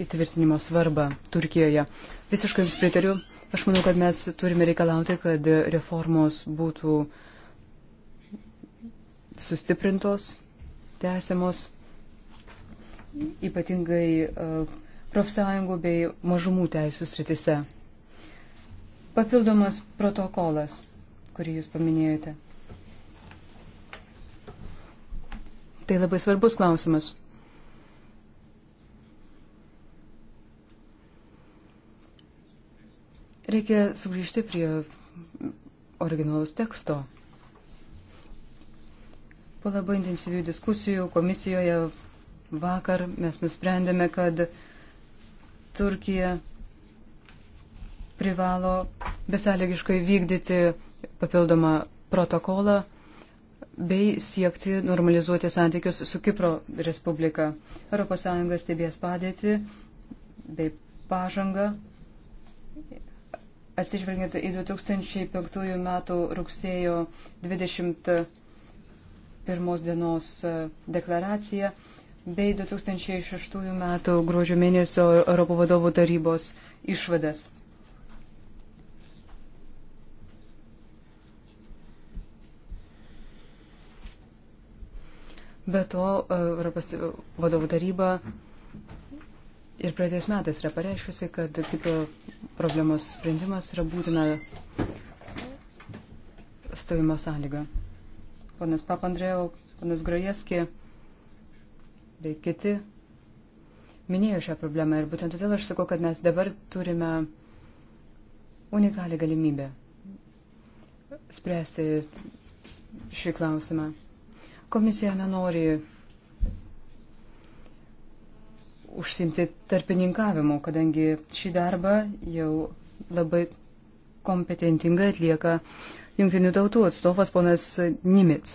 įtvirtinimo svarbą Turkijoje. Visiškai jums pritariu. Aš manau, kad mes turime reikalauti, kad reformos būtų uh, sustiprintos, tęsiamos, ypatingai e, profsąjungų bei mažumų teisų sritise. Papildomas protokolas, kurį jūs paminėjote. Tai labai svarbus klausimas. Reikia sugrįžti prie originalaus teksto. Po labai intensyvių diskusijų komisijoje vakar mes nusprendėme, kad Turkija privalo besąlygiškai vykdyti papildomą protokolą bei siekti normalizuoti santykius su Kipro Respublika. ES stebės padėti bei pažangą. Atsižvelgiant į 2005 m. rugsėjo 20 pirmos dienos e, deklaraciją bei 2006 metų gruodžio mėnesio Europo vadovų tarybos išvadas. Be to, e, Europos vadovų taryba ir praeitais metais yra pareiškusi, kad Kipro problemos sprendimas yra būtina stojimo sąlyga ponas Papandrėjau, ponas Grajeski bei kiti minėjo šią problemą ir būtent todėl aš sakau, kad mes dabar turime unikalią galimybę spręsti šį klausimą. Komisija nenori užsimti tarpininkavimu, kadangi šį darbą jau labai kompetentingai atlieka uh, jungtinių tautų atstovas ponas Nimitz.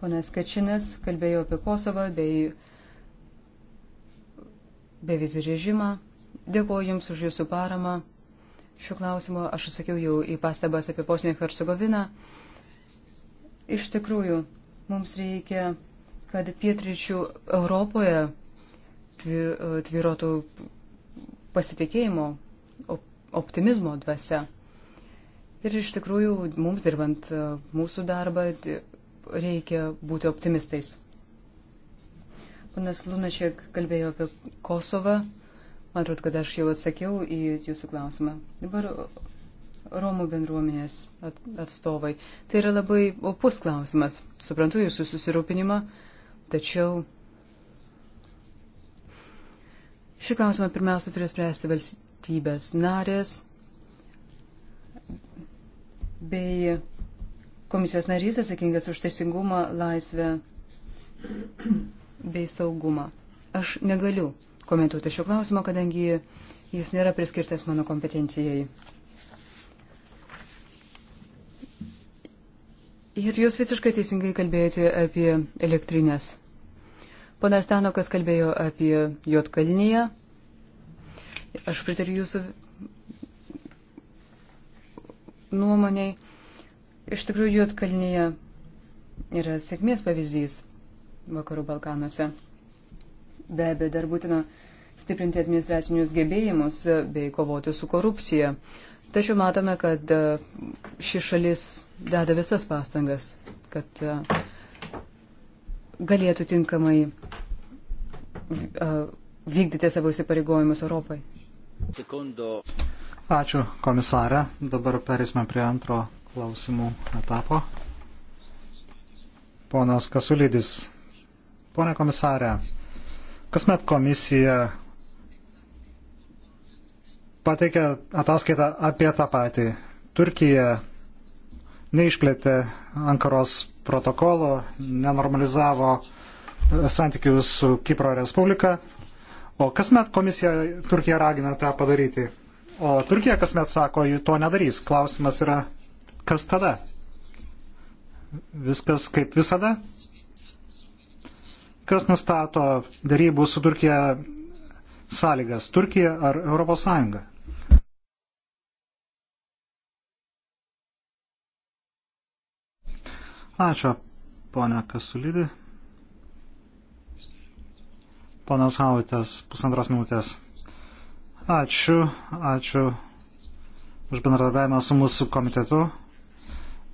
Ponas Kačinas kalbėjo apie Kosovą bei bevizį režimą. Dėkuoju Jums už Jūsų paramą. Šiuo klausimu aš atsakiau jau į pastabas apie Bosniją Hercegoviną. Iš tikrųjų, mums reikia, kad pietryčių Europoje tvyrotų pasitikėjimo, optimizmo dvasia. Ir iš tikrųjų mums dirbant e, mūsų darbą reikia būti optimistais. Panas Lunačiek kalbėjo apie Kosovą. Man atrodo, kad aš jau atsakiau į jūsų klausimą. Dabar Romų bendruomenės atstovai. Tai yra labai opus klausimas. Suprantu jūsų susirūpinimą, tačiau šį klausimą pirmiausia turės spręsti valstybės narės bei komisijos narys atsakingas už teisingumą, laisvę bei saugumą. Aš negaliu komentuoti šio klausimo, kadangi jis nėra priskirtas mano kompetencijai. Ir jūs visiškai teisingai kalbėjote apie elektrinės. Ponas Tanokas kalbėjo apie Jotkalnyje. Aš pritariu jūsų nuomoniai, iš tikrųjų Jotkalnyje yra sėkmės pavyzdys Vakarų Balkanuose. Be abejo, dar būtina stiprinti administracinius gebėjimus bei kovoti su korupcija. Tačiau matome, kad e, ši šalis deda visas pastangas, kad e, galėtų tinkamai e, vykdyti savo įsipareigojimus Europai. Sekundo. Ačiū komisarė. Dabar perėsime prie antro klausimų etapo. Ponas Kasulydis. Pone komisarė, kasmet komisija pateikia ataskaitą apie tą patį. Turkija neišplėtė Ankaros protokolo, nenormalizavo e, santykių su Kipro Respublika, o kasmet komisija Turkija ragina tą padaryti. O Turkija kasmet sako, ji to nedarys. Klausimas yra, kas tada? Viskas kaip visada? Kas nustato darybų su Turkija sąlygas? Turkija ar Europos Sąjunga? Ačiū, ponia Kasulidė. Ponas Hautas, pusantros minutės. Ačiū, ačiū už bendradarbiavimą su mūsų komitetu.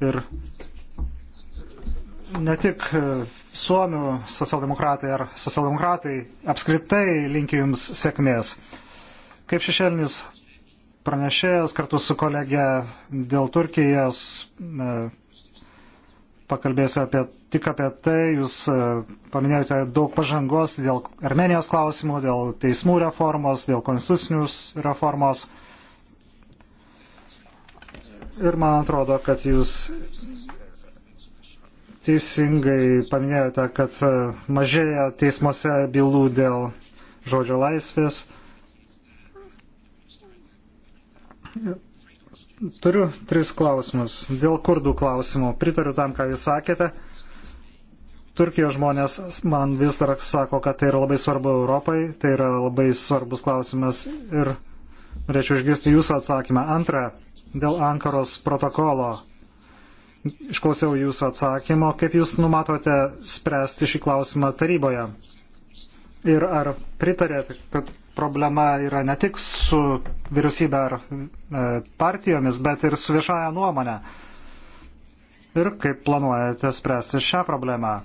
Ir ne tik e, suomių socialdemokratai ar socialdemokratai apskritai linkiu Jums sėkmės. Kaip šešėlinis pranešėjas kartu su kolegė dėl Turkijos e, pakalbėsiu apie tik apie tai. Jūs e, paminėjote daug pažangos dėl Armenijos klausimų, dėl teismų reformos, dėl konstitucinius reformos. Ir man atrodo, kad jūs teisingai paminėjote, kad e, mažėja teismuose bylų dėl žodžio laisvės. Turiu tris klausimus. Dėl kurdų klausimų. Pritariu tam, ką jūs sakėte. Turkijos žmonės man vis dar sako, kad tai yra labai svarbu Europai, tai yra labai svarbus klausimas ir norėčiau išgirsti jūsų atsakymą. Antra, dėl Ankaros protokolo. Išklausiau jūsų atsakymo, kaip jūs numatote spręsti šį klausimą taryboje. Ir ar pritarėte, kad problema yra ne tik su vyriausybė ar e, partijomis, bet ir su viešaja nuomonė. Ir kaip planuojate spręsti šią problemą?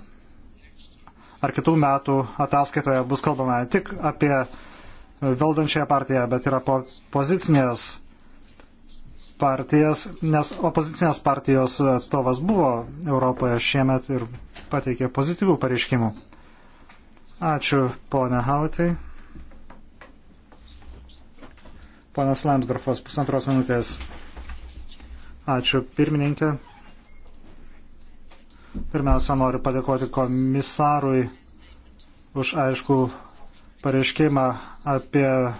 ar kitų metų ataskaitoje bus kalbama ne tik apie valdančiąją partiją, bet ir apie pozicinės partijas, nes opozicinės partijos atstovas buvo Europoje šiemet ir pateikė pozityvių pareiškimų. Ačiū, ponė Hautai. Ponas Lamsdorfas, pusantros minutės. Ačiū, pirmininkė. Pirmiausia, noriu padėkoti komisarui už aišku pareiškimą apie e,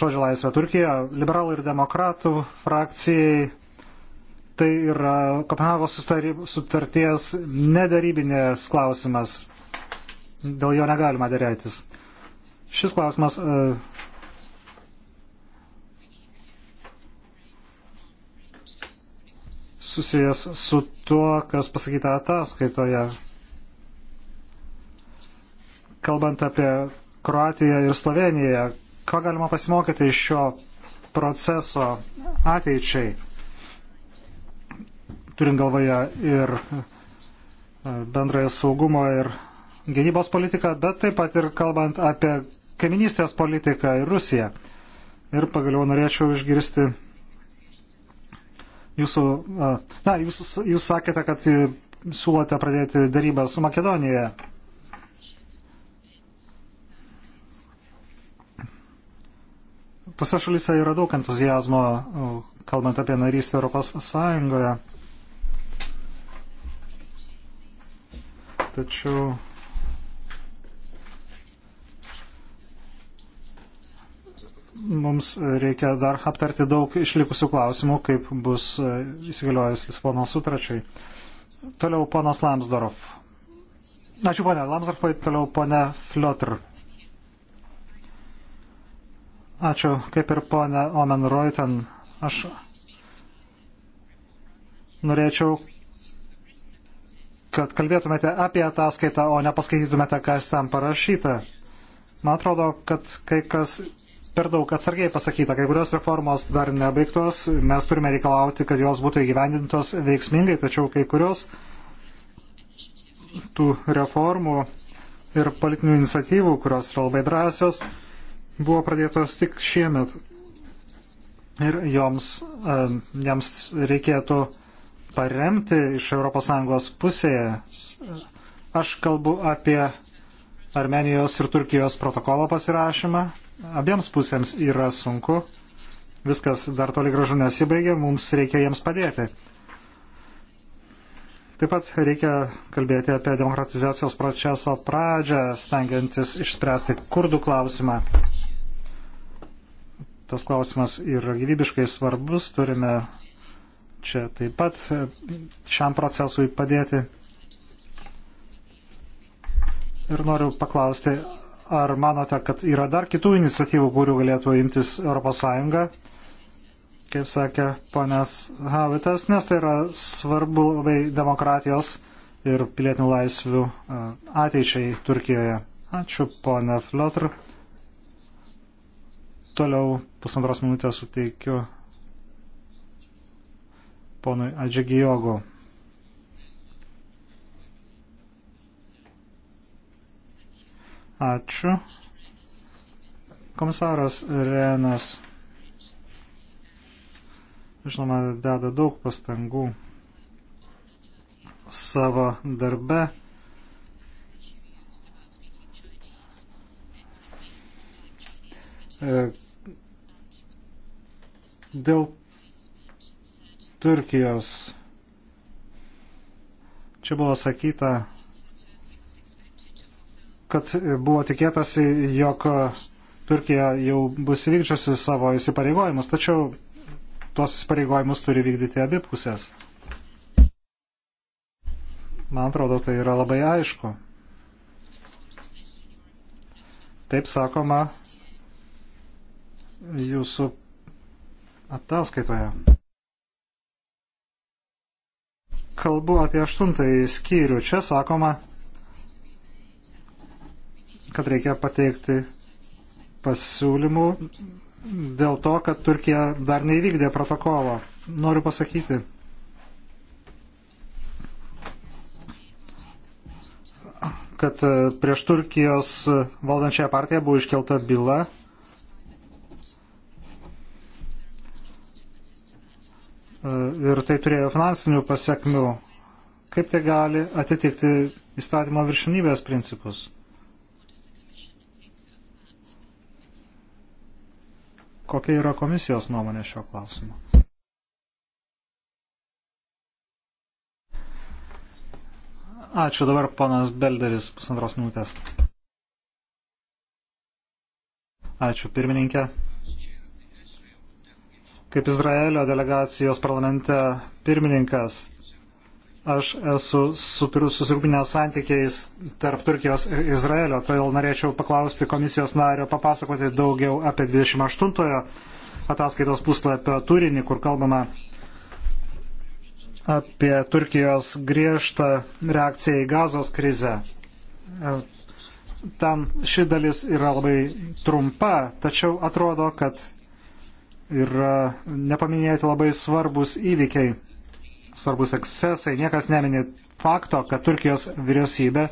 žodžio laisvę Turkiją. Liberalų ir demokratų frakcijai tai yra Kopenhagos sutarties nedarybinės klausimas. Dėl jo negalima dėrėtis. Šis klausimas uh, susijęs su tuo, kas pasakyta ataskaitoje. Kalbant apie Kroatiją ir Sloveniją, ką galima pasimokyti iš šio proceso ateičiai, turint galvoje ir e, bendrąją saugumo ir gynybos politiką, bet taip pat ir kalbant apie kaiminystės politiką ir Rusiją. Ir pagaliau norėčiau išgirsti Jūsų, na, jūs, jūs sakėte, kad e, siūlote pradėti darybą su Makedonija. Tose šalyse yra daug entuzijazmo, kalbant apie narystę Europos Sąjungoje. Tačiau mums reikia dar aptarti daug išlikusių klausimų, kaip bus įsigaliojęs Lisbono sutračiai. Toliau ponas Lamsdorf. Ačiū ponė Lamsdorfai, toliau ponė Fliotr. Ačiū, kaip ir ponė Omen Reuten. Aš norėčiau, kad kalbėtumėte apie ataskaitą, o nepaskaitytumėte, kas ten parašyta. Man atrodo, kad kai kas per daug atsargiai pasakyta, kai kurios reformos dar nebaigtos, mes turime reikalauti, kad jos būtų įgyvendintos veiksmingai, tačiau kai kurios tų reformų ir politinių iniciatyvų, kurios yra labai drąsios, buvo pradėtos tik šiemet. Ir joms, e, joms reikėtų paremti iš ES pusėje. Aš kalbu apie Armenijos ir Turkijos protokolo pasirašymą, abiems pusėms yra sunku, viskas dar toli gražu nesibaigė, mums reikia jiems padėti. Taip pat reikia kalbėti apie demokratizacijos proceso pradžią, stengiantis išspręsti kurdų klausimą. Tas klausimas yra gyvybiškai svarbus, turime čia taip pat šiam procesui padėti. Ir noriu paklausti, Ar manote, kad yra dar kitų iniciatyvų, kurių galėtų imtis ES, kaip sakė ponas Havitas, nes tai yra svarbu labai demokratijos ir pilietinių laisvių e, ateičiai Turkijoje. Ačiū, ponė Flotr. Toliau pusantros minutės suteikiu ponui Adžigijogu. Ačiū. Komisaras Renas, žinoma, deda daug pastangų savo darbe. E, dėl Turkijos čia buvo sakyta, kad buvo tikėtasi, jog Turkija jau bus įvykdžiusi savo įsipareigojimus, tačiau tuos įsipareigojimus turi vykdyti abi pusės. Man atrodo, tai yra labai aišku. Taip sakoma jūsų ataskaitoje. Kalbu apie aštuntąjį skyrių. Čia sakoma, kad reikia pateikti pasiūlymų dėl to, kad Turkija dar neįvykdė protokolo. Noriu pasakyti. kad e, prieš Turkijos valdančiąją partiją buvo iškelta byla e, ir tai turėjo finansinių pasiekmių. Kaip tai gali atitikti įstatymo viršinybės principus? kokia yra komisijos nuomonė šio klausimu. Ačiū dabar ponas Belderis, pusantros minutės. Ačiū pirmininkė. Kaip Izraelio delegacijos parlamente pirmininkas, aš esu susirūpinęs santykiais tarp Turkijos ir Izraelio, todėl norėčiau paklausti komisijos nario papasakoti daugiau apie 28-ojo ataskaitos puslapio turinį, kur kalbama apie Turkijos griežtą reakciją į gazos krizę. Tam ši dalis yra labai trumpa, tačiau atrodo, kad yra nepaminėti labai svarbus įvykiai svarbus ekscesai, niekas nemini fakto, kad Turkijos vyriausybė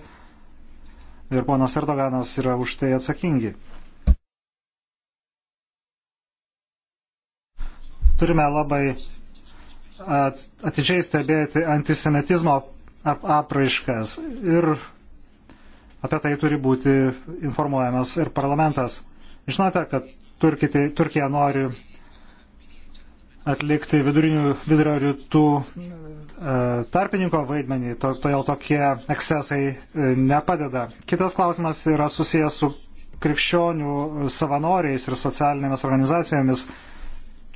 ir ponas Erdoganas yra už tai atsakingi. Turime labai atidžiai stebėti antisemitizmo apraiškas ir apie tai turi būti informuojamas ir parlamentas. Žinote, kad Turkite, Turkija nori atlikti vidurinių, vidurio rytų e, tarpininko vaidmenį, to, todėl tokie ekscesai e, nepadeda. Kitas klausimas yra susijęs su krikščionių savanoriais ir socialinėmis organizacijomis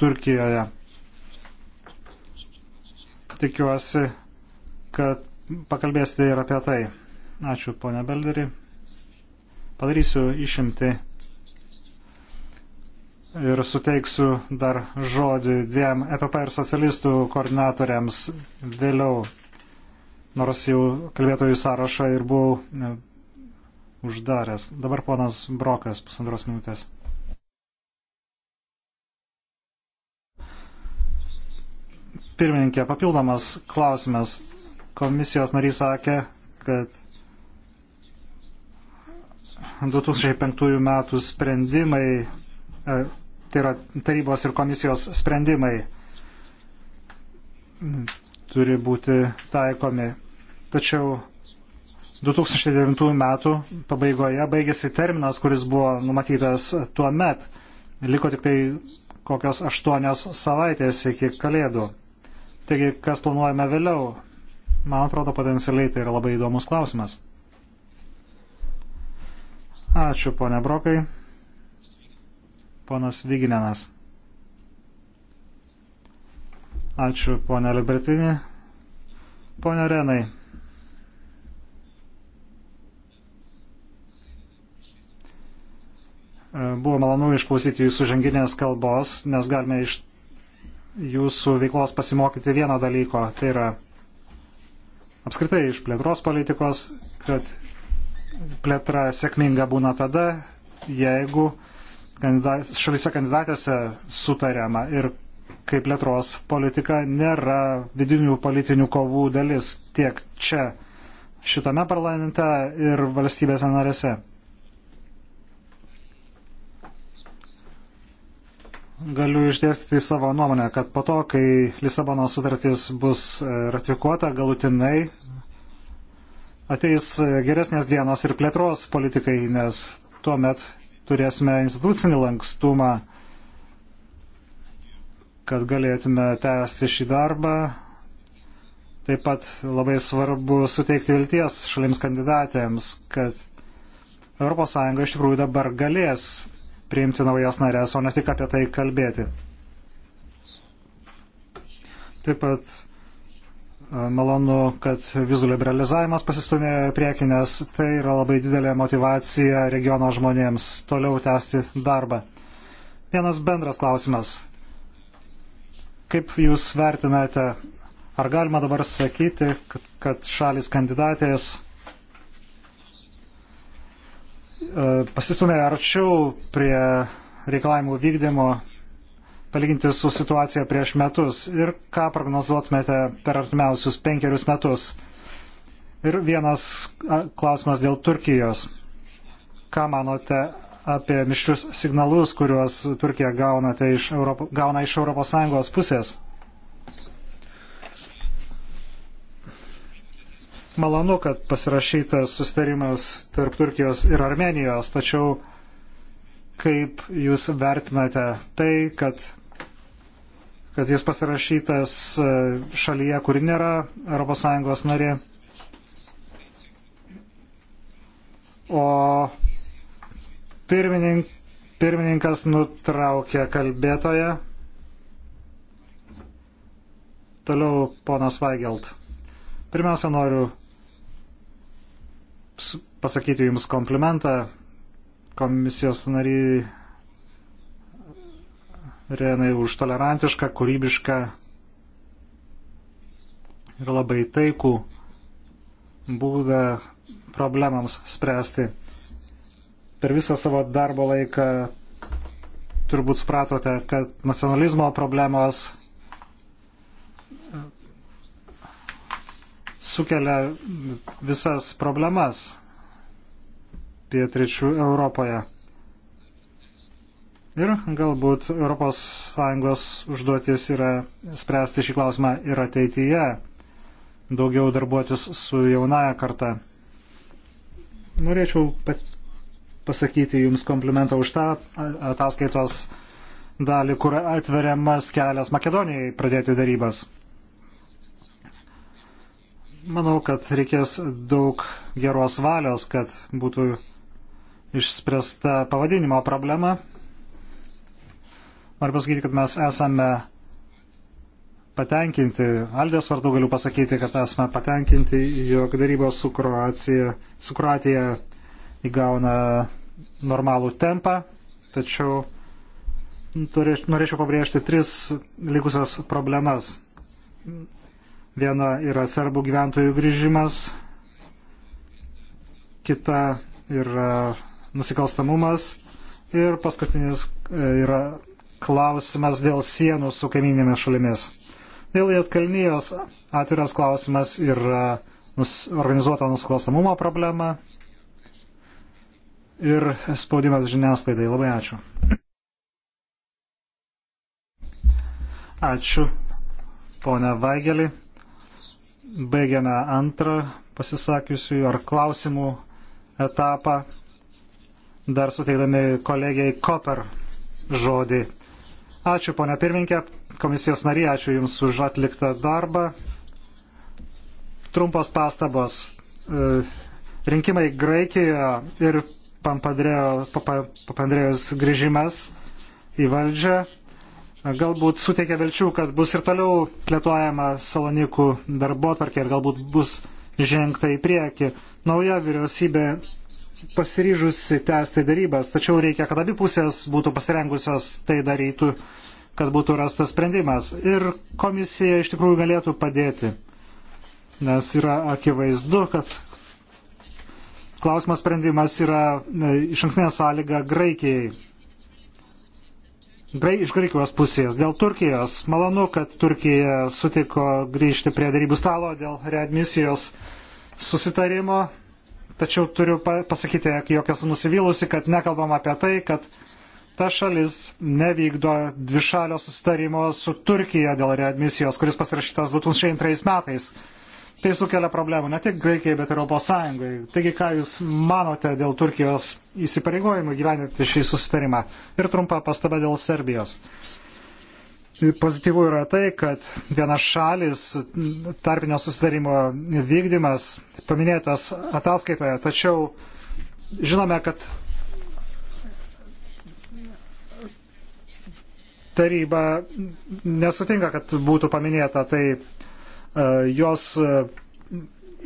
Turkijoje. Tikiuosi, kad pakalbėsite ir apie tai. Ačiū, ponia Belderi. Padarysiu išimti ir suteiksiu dar žodį dviem EPP ir socialistų koordinatoriams vėliau, nors jau kalbėtojų sąrašą ir buvau e, uždaręs. Dabar ponas Brokas, pusantros minutės. Pirmininkė, papildomas klausimas. Komisijos narys sakė, kad 2005 metų sprendimai e, tai yra tarybos ir komisijos sprendimai turi būti taikomi. Tačiau 2009 metų pabaigoje baigėsi terminas, kuris buvo numatytas tuo met. Liko tik tai kokios aštuonios savaitės iki kalėdų. Taigi, kas planuojame vėliau? Man atrodo, potencialiai tai yra labai įdomus klausimas. Ačiū, ponia Brokai. Ponas Vyginenas. Ačiū, ponė Libertinė. Pone Renai. Buvo malonu išklausyti jūsų žanginės kalbos, nes galime iš jūsų veiklos pasimokyti vieno dalyko. Tai yra apskritai iš plėtros politikos, kad plėtra sėkminga būna tada, jeigu uh, kandidat, šalise kandidatėse sutariama ir kaip plėtros politika nėra vidinių politinių kovų dalis tiek čia šitame parlamente ir valstybėse narėse. Galiu išdėstyti savo nuomonę, kad po to, kai Lisabono sutartis bus e, ratifikuota galutinai, ateis geresnės dienos ir plėtros politikai, nes tuomet turėsime institucinį lankstumą, kad galėtume tęsti šį darbą. Taip pat labai svarbu suteikti vilties šalims kandidatėms, kad ES iš tikrųjų dabar galės priimti naujas narės, o ne tik apie tai kalbėti. Taip pat Malonu, kad vizų liberalizavimas pasistumėjo priekį, nes tai yra labai didelė motivacija regiono žmonėms toliau tęsti darbą. Vienas bendras klausimas. Kaip Jūs vertinate, ar galima dabar sakyti, kad, kad šalis kandidatės e, pasistumė arčiau prie reikalavimų vykdymo palyginti su situacija prieš metus ir ką prognozuotumėte per artimiausius penkerius metus. Ir vienas klausimas dėl Turkijos. Ką manote apie mišrius signalus, kuriuos Turkija gaunate iš Europo, gauna iš ES pusės? Malonu, kad pasirašytas sustarimas tarp Turkijos ir Armenijos, tačiau kaip jūs vertinate tai, kad kad jis pasirašytas e, šalyje, kuri nėra ES narė. O pirminink, pirmininkas nutraukė kalbėtoją. Toliau ponas Vaigelt. Pirmiausia, noriu pasakyti Jums komplimentą. Komisijos nariai Renai už tolerantišką, kūrybišką ir labai taikų būdą problemams spręsti. Per visą savo darbo laiką turbūt supratote, kad nacionalizmo problemos e, sukelia visas problemas pietričių Europoje. Ir galbūt ES užduotis yra spręsti šį klausimą ir ateityje, daugiau darbuotis su jaunaja karta. Norėčiau pasakyti Jums komplimentą už tą ataskaitos dalį, kur atveriamas kelias Makedonijai pradėti darybas. Manau, kad reikės daug geros valios, kad būtų išspręsta pavadinimo problema Noriu pasakyti, kad mes esame patenkinti, Aldės vardu galiu pasakyti, kad esame patenkinti, jog darybos su Kroatija, su Kroatija įgauna normalų tempą, tačiau turėš, norėčiau pabrėžti tris likusias problemas. Viena yra serbų gyventojų grįžimas, kita yra nusikalstamumas ir paskutinis e, yra klausimas dėl sienų su kaiminėmis šalimis. Dėl Jotkalnyjos atviras klausimas yra nus, organizuoto nusikalstamumo problema ir spaudimas žiniasklaidai. Labai ačiū. Ačiū, ponia Vaigelį. Baigiame antrą pasisakiusių ar klausimų etapą, dar suteikdami kolegijai Koper žodį. Ačiū, ponia pirminkė, komisijos nariai, ačiū Jums už atliktą darbą. Trumpos pastabos. E, rinkimai Graikijoje ir Papandrėjos grįžimas į valdžią e, galbūt suteikia vilčių, kad bus ir toliau plėtojama Salonikų darbo tvarkė ir galbūt bus žengta į priekį. Nauja vyriausybė pasiryžusi tęsti darybas, tačiau reikia, kad abi pusės būtų pasirengusios tai darytų, kad būtų rastas sprendimas. Ir komisija iš tikrųjų galėtų padėti, nes yra akivaizdu, kad klausimas sprendimas yra e, iš anksnė sąlyga Graikijai. Grai, iš Graikijos pusės. Dėl Turkijos. Malonu, kad Turkija sutiko grįžti prie darybų stalo dėl readmisijos susitarimo Tačiau turiu pasakyti, jog esu nusivylusi, kad nekalbam apie tai, kad ta šalis nevykdo dvišalio sustarimo su Turkija dėl readmisijos, kuris pasirašytas 2002 metais. Tai sukelia problemų ne tik Graikijai, bet ir Europos Sąjungai. Taigi, ką Jūs manote dėl Turkijos įsipareigojimų gyveninti šį susitarimą? Ir trumpa pastaba dėl Serbijos. Pozityvų yra tai, kad viena šalis tarpinio susidarimo vykdymas paminėtas ataskaitoje, tačiau žinome, kad taryba nesutinka, kad būtų paminėta, tai e, jos e,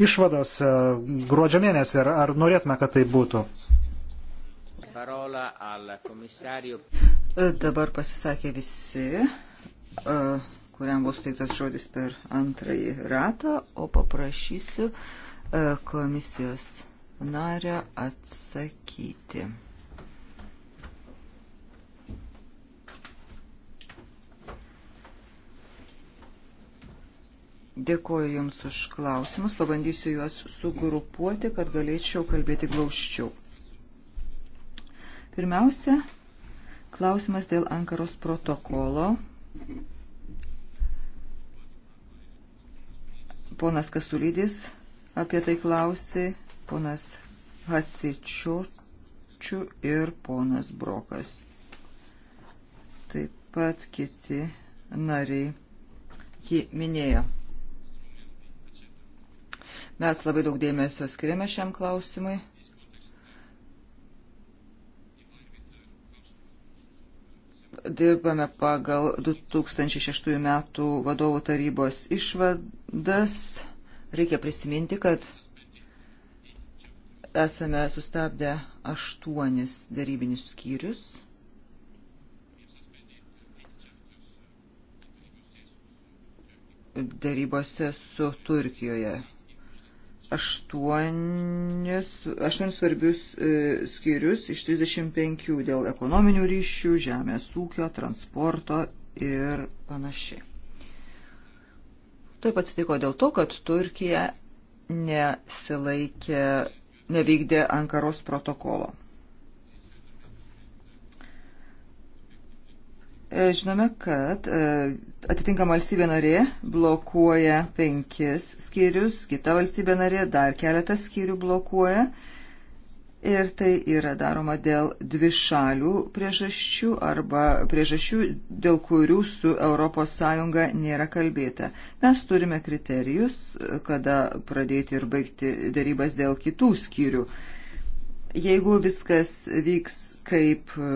išvados e, gruodžio mėnesį ir ar norėtume, kad tai būtų. Dabar pasisakė visi kuriam bus teiktas žodis per antrąjį ratą, o paprašysiu komisijos narę atsakyti. Dėkuoju Jums už klausimus, pabandysiu juos sugrupuoti, kad galėčiau kalbėti glaučiau. Pirmiausia, klausimas dėl Ankaros protokolo Ponas Kasulydis apie tai klausė, ponas Hatsičiočių ir ponas Brokas. Taip pat kiti nariai jį minėjo. Mes labai daug dėmesio skiriame šiam klausimui. dirbame pagal 2006 metų vadovų tarybos išvadas. Reikia prisiminti, kad esame sustabdę aštuonis darybinius skyrius. Darybose su Turkijoje aštuonis, aštuonis svarbius e, skyrius iš 35 dėl ekonominių ryšių, žemės ūkio, transporto ir panašiai. Taip atsitiko dėl to, kad Turkija nesilaikė, nevykdė Ankaros protokolo. E, žinome, kad e, atitinkama valstybė narė blokuoja penkis skyrius, kita valstybė narė dar keletą skyrių blokuoja. Ir tai yra daroma dėl dvišalių priežasčių arba priežasčių, dėl kurių su ES nėra kalbėta. Mes turime kriterijus, e, kada pradėti ir baigti darybas dėl kitų skyrių. Jeigu viskas vyks kaip e,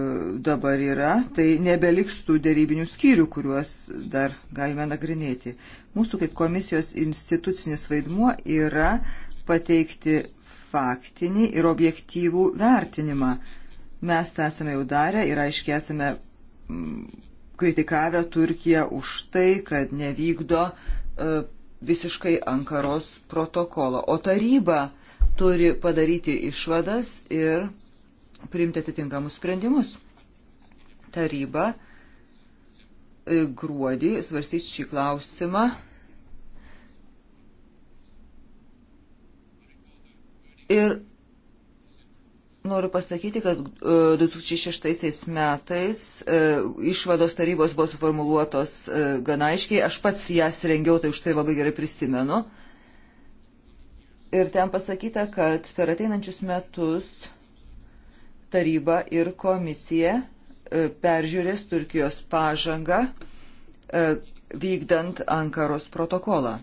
dabar yra, tai nebeliks tų dėrybinių skyrių, kuriuos dar galime nagrinėti. Mūsų kaip komisijos institucinis vaidmuo yra pateikti faktinį ir objektyvų vertinimą. Mes tą esame jau darę ir aiškiai esame mm, kritikavę Turkiją už tai, kad nevykdo e, visiškai Ankaros protokolo. O taryba turi padaryti išvadas ir priimti atitinkamus sprendimus. Taryba e, gruodį svarstys šį klausimą. Ir noriu pasakyti, kad 2006 e, metais e, išvados tarybos buvo suformuluotos gana aiškiai. Aš pats jas rengiau, tai už tai labai gerai prisimenu. Ir ten pasakyta, kad per ateinančius metus taryba ir komisija e, peržiūrės Turkijos pažangą e, vykdant Ankaros protokolą.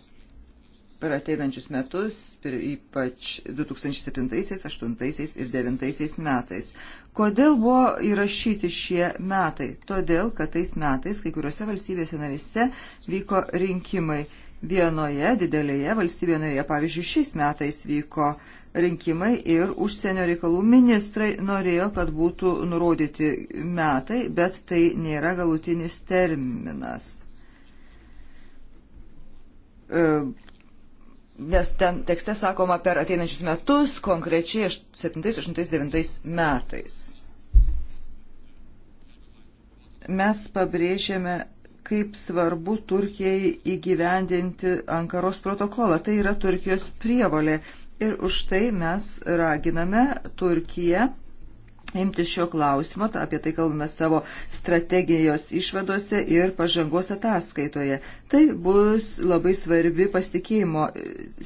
Per ateinančius metus, per ypač 2007, 2008 ir 2009 metais. Kodėl buvo įrašyti šie metai? Todėl, kad tais metais kai kuriuose valstybėse narise vyko rinkimai vienoje didelėje valstybėje narėje. Pavyzdžiui, šiais metais vyko rinkimai ir užsienio reikalų ministrai norėjo, kad būtų nurodyti metai, bet tai nėra galutinis terminas. E, nes ten tekste sakoma per ateinančius metus, konkrečiai 7, 8, 9 metais. Mes pabrėžėme kaip svarbu Turkijai įgyvendinti Ankaros protokolą. Tai yra Turkijos prievolė. Ir už tai mes raginame Turkiją imti šio klausimo, apie tai kalbame savo strategijos išvadose ir pažangos ataskaitoje. Tai bus labai svarbi pasitikėjimo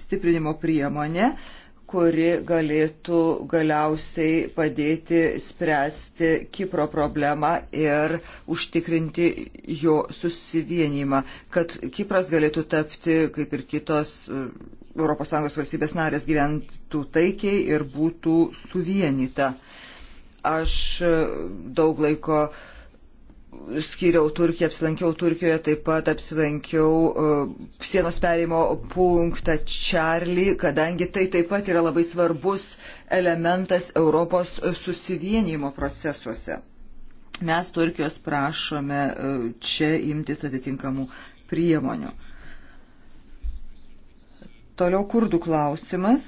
stiprinimo priemonė. Uh, kuri galėtų galiausiai padėti spręsti Kipro problemą ir užtikrinti jo susivienimą, kad Kipras galėtų tapti, kaip ir kitos uh, ES valstybės narės, gyventų taikiai ir būtų suvienyta. Aš uh, daug laiko uh, skyriau Turkiją, apsilankiau Turkijoje, taip pat apsilankiau e, sienos perėjimo punktą Čarlį, kadangi tai taip pat yra labai svarbus elementas Europos susivienimo procesuose. Mes Turkijos prašome e, čia imtis atitinkamų priemonių. Toliau kurdų klausimas.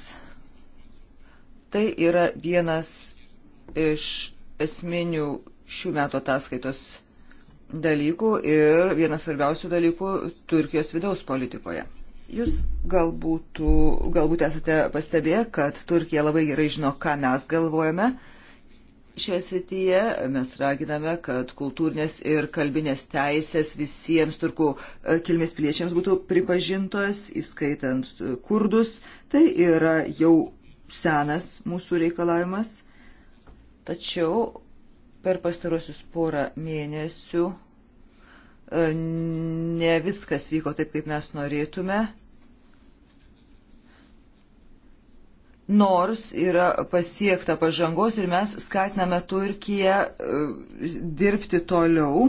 Tai yra vienas iš esminių šių metų ataskaitos dalykų ir vienas svarbiausių dalykų Turkijos vidaus politikoje. Jūs galbūt, galbūt esate pastebėję, kad Turkija labai gerai žino, ką mes galvojame. Šioje srityje mes raginame, kad kultūrinės ir kalbinės teisės visiems turkų e, kilmės piliečiams būtų pripažintos, įskaitant e, kurdus. Tai yra jau senas mūsų reikalavimas. Tačiau Per pastarosius porą mėnesių e, ne viskas vyko taip, kaip mes norėtume. Nors yra pasiekta pažangos ir mes skatiname Turkiją e, dirbti toliau,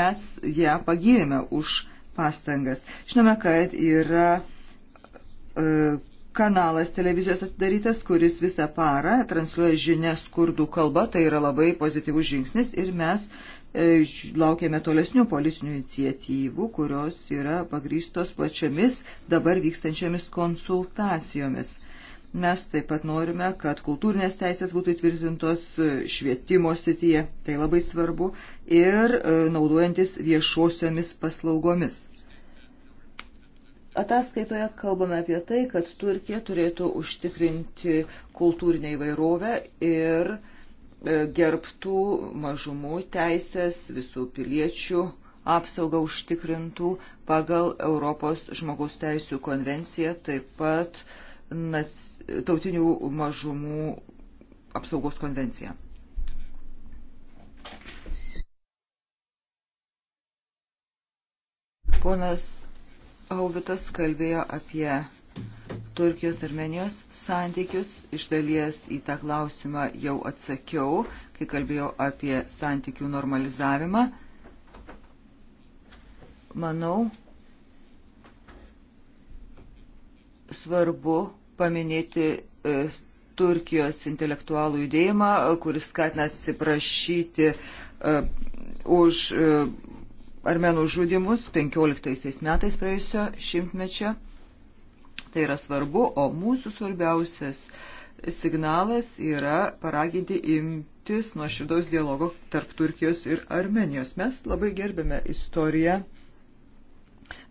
mes ją pagyrėme už pastangas. Žinome, kad yra e, kanalas televizijos atidarytas, kuris visą parą transliuoja žinias kurdų kalba. Tai yra labai pozityvus žingsnis ir mes e, laukiame tolesnių politinių iniciatyvų, kurios yra pagrystos plačiomis dabar vykstančiamis konsultacijomis. Mes taip pat norime, kad kultūrinės teisės būtų įtvirtintos švietimo sityje, tai labai svarbu, ir e, naudojantis viešosiomis paslaugomis. Ataskaitoje kalbame apie tai, kad Turkija turėtų užtikrinti kultūrinę įvairovę ir e, gerbtų mažumų teisės visų piliečių apsaugą užtikrintų pagal Europos žmogaus teisų konvenciją, taip pat tautinių mažumų apsaugos konvenciją. Ponas Auvitas kalbėjo apie Turkijos Armenijos santykius. Iš dalies į tą klausimą jau atsakiau, kai kalbėjau apie santykių normalizavimą. Manau, svarbu paminėti e, Turkijos intelektualų judėjimą, kuris skatina atsiprašyti e, už. E, armenų žudimus 15 metais praėjusio šimtmečio. Tai yra svarbu, o mūsų svarbiausias signalas yra paraginti imtis nuoširdaus dialogo tarp Turkijos ir Armenijos. Mes labai gerbėme istoriją,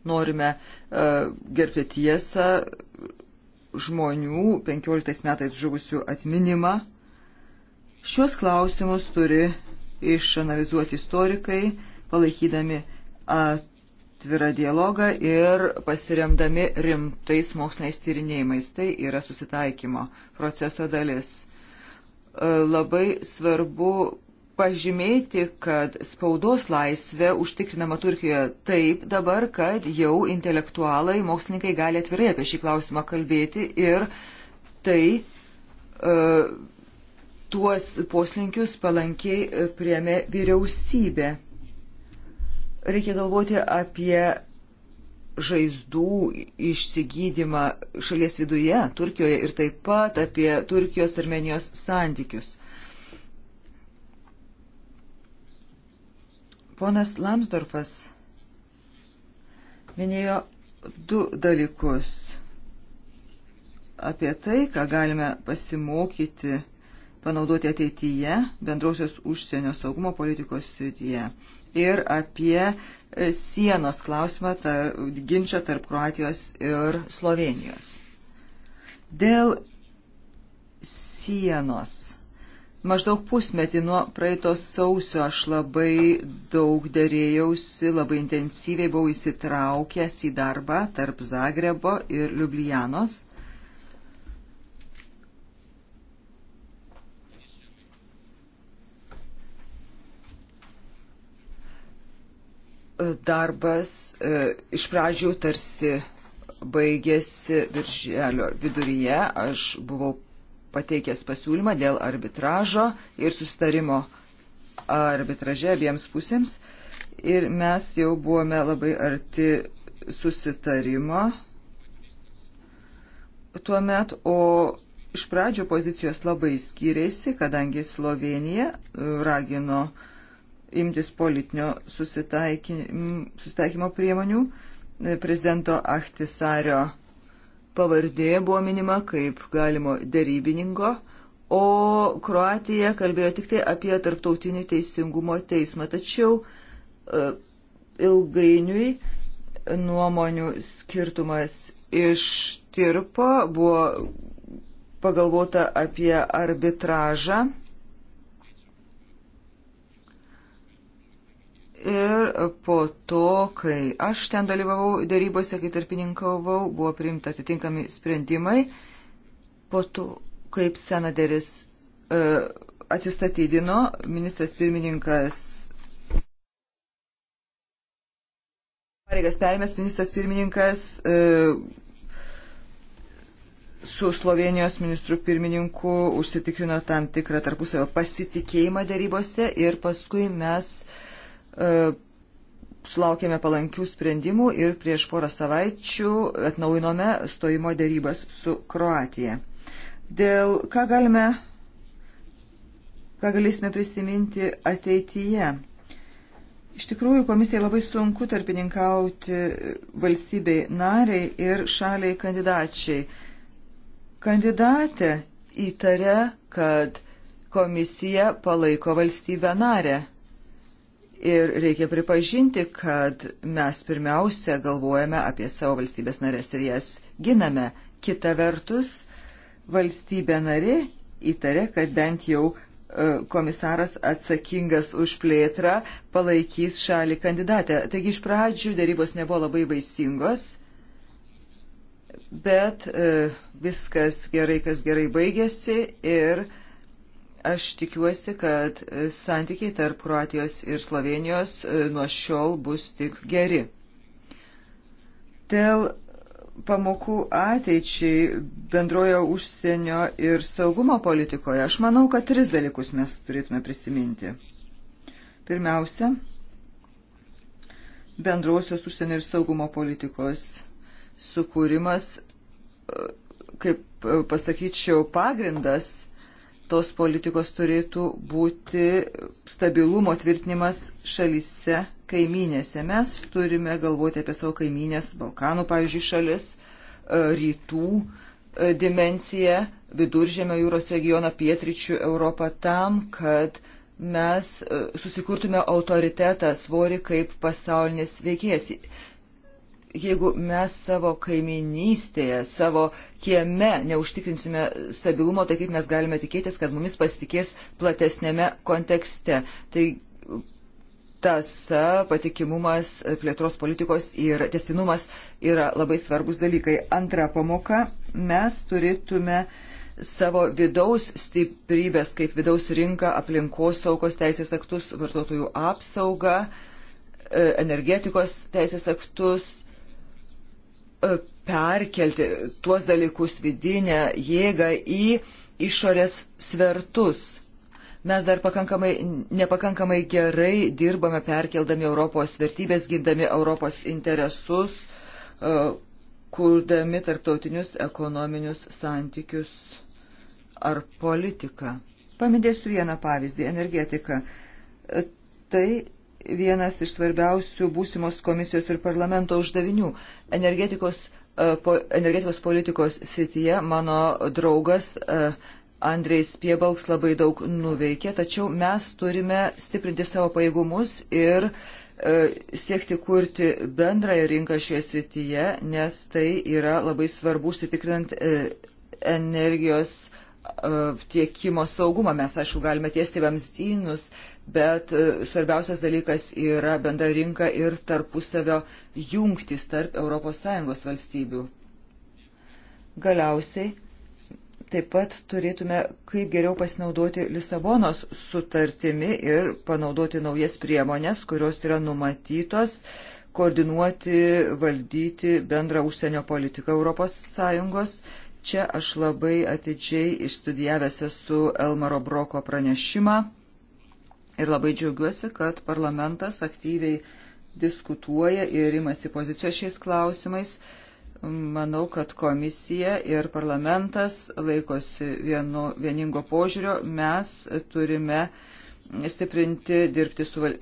norime uh, gerbti tiesą žmonių 15 metais žuvusių atminimą. Šiuos klausimus turi išanalizuoti istorikai, uh, palaikydami atvirą dialogą ir pasiremdami rimtais moksliniais tyrinėjimais. Tai yra susitaikymo proceso dalis. E, labai svarbu pažymėti, kad spaudos laisvė užtikrinama Turkijoje taip dabar, kad jau intelektualai, mokslininkai gali atvirai apie šį klausimą kalbėti ir tai uh, tuos poslinkius palankiai priemė vyriausybė. Reikia galvoti apie žaizdų išsigydymą šalies viduje, Turkijoje ir taip pat apie Turkijos Armenijos santykius. Ponas Lamsdorfas minėjo du dalykus apie tai, ką galime pasimokyti, panaudoti ateityje bendrausios užsienio saugumo politikos srityje ir apie e, sienos klausimą, tar, ginčą tarp Kroatijos ir Slovenijos. Dėl sienos. Maždaug pusmetį nuo praeitos sausio aš labai daug dėrėjausi, labai intensyviai buvau įsitraukęs į darbą tarp Zagrebo ir Liublianos. darbas e, iš pradžių tarsi baigėsi virželio viduryje. Aš buvau pateikęs pasiūlymą dėl arbitražo ir sustarimo arbitraže abiems pusėms. Ir mes jau buvome labai arti susitarimo tuo met, o iš pradžio pozicijos labai skiriasi, kadangi Slovenija ragino uh, imtis politinio susitaikymo priemonių. Prezidento Ahtisario pavardė buvo minima kaip galimo dėrybininko, o Kroatija kalbėjo tik tai apie tarptautinį teisingumo teismą. Tačiau e, ilgainiui nuomonių skirtumas ištirpo, buvo pagalvota apie arbitražą Ir po to, kai aš ten dalyvavau dėrybose, kai tarpininkavau, buvo priimta atitinkami sprendimai. Po to, kaip senaderis e, atsistatydino, ministras pirmininkas pareigas perėmęs ministras pirmininkas e, su Slovenijos ministru pirmininku užsitikrino tam tikrą tarpusavio pasitikėjimą darybose ir paskui mes e, E, sulaukėme palankių sprendimų ir prieš porą savaičių atnaujinome stojimo dėrybas su Kroatija. Dėl ką galime, ką galėsime prisiminti ateityje. Iš tikrųjų, komisijai labai sunku tarpininkauti valstybei nariai ir šaliai kandidačiai. Kandidatė įtarė, kad komisija palaiko valstybę narę Ir reikia pripažinti, kad mes pirmiausia galvojame apie savo valstybės narės ir jas giname. Kita vertus, valstybė nari įtarė, kad bent jau e, komisaras atsakingas už plėtrą palaikys šalį kandidatę. Taigi iš pradžių darybos nebuvo labai vaisingos, bet e, viskas gerai, kas gerai baigėsi ir Aš tikiuosi, kad santykiai tarp Kroatijos ir Slovenijos e, nuo šiol bus tik geri. Dėl pamokų ateičiai bendrojo užsienio ir saugumo politikoje, aš manau, kad tris dalykus mes turėtume prisiminti. Pirmiausia, bendrausios užsienio ir saugumo politikos sukūrimas, e, kaip e, pasakyčiau, pagrindas tos politikos turėtų būti stabilumo tvirtinimas šalyse kaiminėse. Mes turime galvoti apie savo kaiminės, Balkanų, pavyzdžiui, šalis, e, rytų e, dimensiją, viduržėmio jūros regioną, pietričių Europą tam, kad mes e, susikurtume autoritetą svorį kaip pasaulinis veikėjas jeigu mes savo kaiminystėje, savo kieme neužtikrinsime stabilumo, tai kaip mes galime tikėtis, kad mumis pasitikės platesnėme kontekste. Tai tasa, patikimumas, plėtros politikos ir testinumas yra labai svarbus dalykai. Antra pamoka, mes turėtume savo vidaus stiprybės, kaip vidaus rinka, aplinkos saugos teisės aktus, vartotojų apsaugą, e, energetikos teisės aktus, E, perkelti tuos dalykus vidinę jėgą į išorės svertus. Mes dar pakankamai, nepakankamai gerai dirbame perkeldami Europos vertybės, gindami Europos interesus, e, kurdami tarptautinius ekonominius santykius ar politiką. Paminėsiu vieną pavyzdį - energetiką. E, tai vienas iš svarbiausių būsimos komisijos ir parlamento uždavinių. Energetikos, e, po, energetikos politikos srityje mano draugas e, Andrejs Piebalks labai daug nuveikė, tačiau mes turime stiprinti savo pajėgumus ir e, siekti kurti bendrąją rinką šioje srityje, nes tai yra labai svarbu užsitikrinant energijos E, tiekimo saugumą. Mes, aišku, galime tiesti vamzdynus, bet e, svarbiausias dalykas yra bendra rinka ir tarpusavio jungtis tarp ES valstybių. Galiausiai taip pat turėtume kaip geriau pasinaudoti Lisabonos sutartimi ir panaudoti naujas priemonės, kurios yra numatytos koordinuoti, valdyti bendrą užsienio politiką ES Čia aš labai atidžiai išstudijavęs esu Elmaro Broko pranešimą ir labai džiaugiuosi, kad parlamentas aktyviai diskutuoja ir imasi pozicijos šiais klausimais. Manau, kad komisija ir parlamentas laikosi vienu, vieningo požiūrio. Mes turime stiprinti dirbti su val...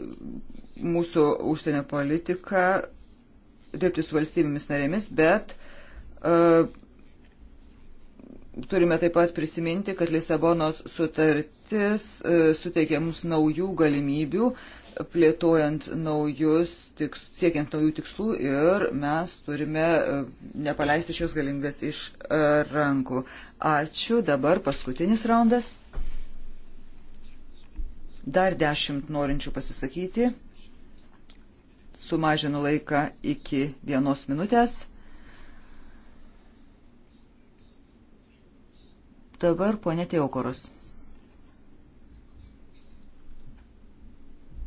mūsų užsienio politika, dirbti su valstybėmis narėmis, bet uh, Turime taip pat prisiminti, kad Lisabonos sutartis e, suteikia mums naujų galimybių, plėtojant naujus, tiks, siekiant naujų tikslų ir mes turime e, nepaleisti šios galimybės iš e, rankų. Ačiū. Dabar paskutinis raundas. Dar dešimt norinčių pasisakyti. Sumažinu laiką iki vienos minutės. Dabar ponė Teokoros.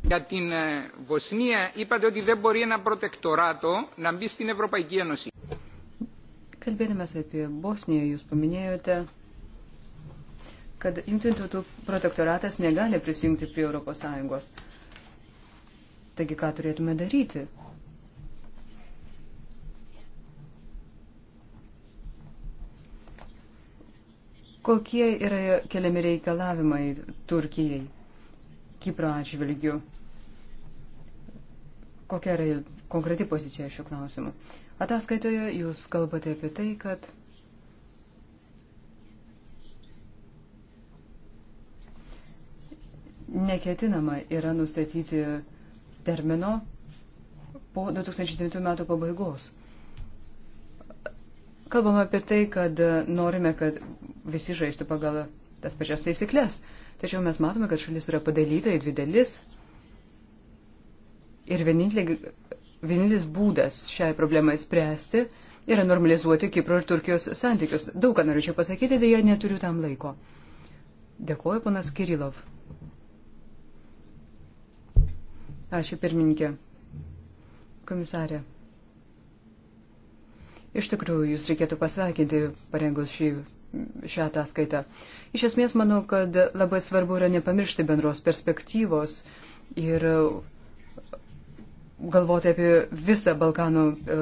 Για την Βοσνία είπατε ότι δεν μπορεί ένα προτεκτοράτο να μπει στην Ευρωπαϊκή Ένωση. Kalbėdamas apie Bosniją, jūs paminėjote, kad jungtinių tautų protektoratas negali prisijungti prie ES. Taigi, ką turėtume daryti? kokie yra keliami reikalavimai Turkijai Kipro atžvilgių. Kokia yra konkreti pozicija šiuo klausimu? Ataskaitoje jūs kalbate apie tai, kad neketinama yra nustatyti termino po 2009 metų pabaigos. Kalbama apie tai, kad norime, kad visi žaistų pagal tas pačias taisyklės. Tačiau mes matome, kad šalis yra padalyta į dvi dalis. Ir vienintelis būdas šiai problemai spręsti yra normalizuoti Kipro ir Turkijos santykius. Daug ką norėčiau pasakyti, dėja neturiu tam laiko. Dėkuoju, ponas Kirilov. Ačiū, pirmininkė. Komisarė. Iš tikrųjų, jūs reikėtų pasveikinti parengus šį šią ataskaitą. Iš esmės manau, kad labai svarbu yra nepamiršti bendros perspektyvos ir galvoti apie visą Balkanų e,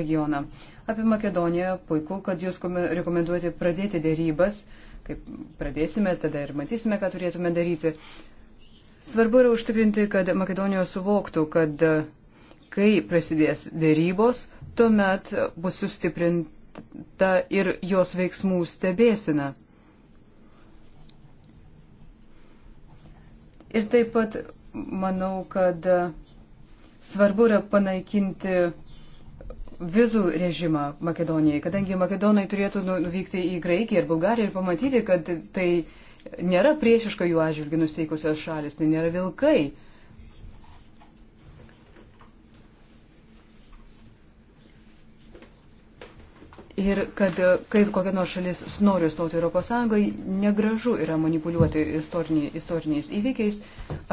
regioną. Apie Makedoniją puiku, kad jūs rekomenduojate pradėti dėrybas. Kaip pradėsime, tada ir matysime, ką turėtume daryti. Svarbu yra užtikrinti, kad Makedonija suvoktų, kad kai prasidės dėrybos, tuomet bus sustiprinti ta ir jos veiksmų stebėsina. Ir taip pat manau, kad svarbu yra panaikinti vizų režimą Makedonijai, kadangi Makedonai turėtų nu, nuvykti į Graikiją ir Bulgariją ir pamatyti, kad tai nėra priešiška jų atžvilgių nusteikusios šalis, tai nėra vilkai. Uh, Ir kad e, kai kokia nors šalis nori stoti Europos Sąjungai, negražu yra manipuliuoti istoriniai, istoriniais įvykiais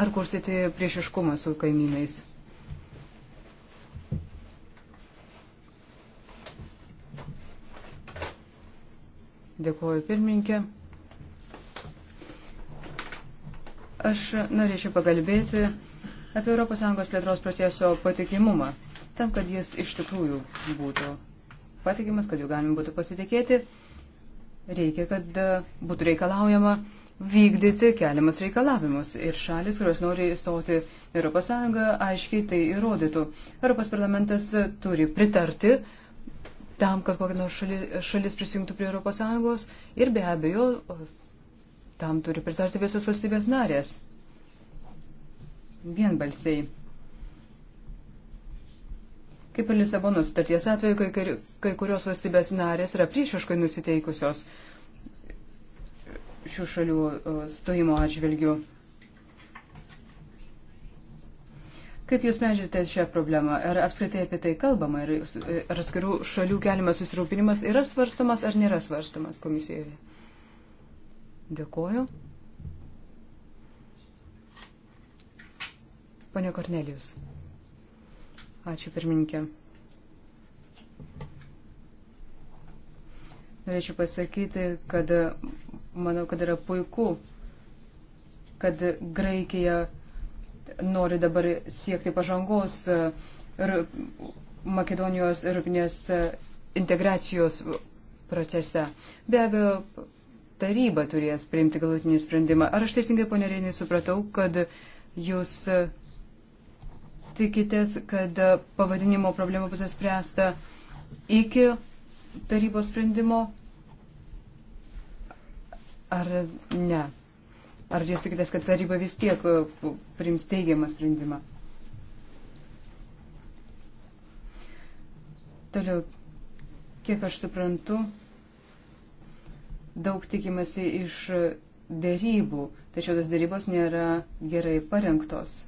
ar kurstyti priešiškumą su kaimynais. Dėkuoju pirmininkė. Aš norėčiau pagalbėti apie ES plėtros proceso patikimumą, tam, kad jis iš tikrųjų būtų patikimas, kad jų galima būtų pasitikėti, reikia, kad e, būtų reikalaujama vykdyti keliamus reikalavimus. Ir šalis, kurios nori įstoti Europos Sąjungą, aiškiai tai įrodytų. Europos parlamentas e, turi pritarti tam, kad kokia nors šalis, šalis prisijungtų prie Europos Sąjungos ir be abejo tam turi pritarti visos valstybės narės. Vienbalsiai. Kaip ir Lisabono sutarties atveju, kai, kai kurios valstybės narės yra priešiškai nusiteikusios šių šalių stojimo atžvilgių. Kaip Jūs sprendžiate šią problemą? Ar apskritai apie tai kalbama? Ar atskirų šalių keliamas susirūpinimas yra svarstomas ar nėra svarstomas komisijoje? Dėkoju. Pane Kornelijus. Ačiū pirmininkė. Norėčiau pasakyti, kad manau, kad yra puiku, kad Graikija nori dabar siekti pažangos ir Makedonijos ir Rupinės integracijos procese. Be abejo, taryba turės priimti galutinį sprendimą. Ar aš teisingai, ponė Reinė, supratau, kad jūs tikitės, kad pavadinimo problema bus spręsta iki tarybos sprendimo ar ne? Ar jūs tikitės, kad taryba vis tiek uh, priims teigiamą sprendimą? Toliau, kiek aš suprantu, daug tikimasi iš dėrybų, tačiau tos dėrybos nėra gerai parengtos.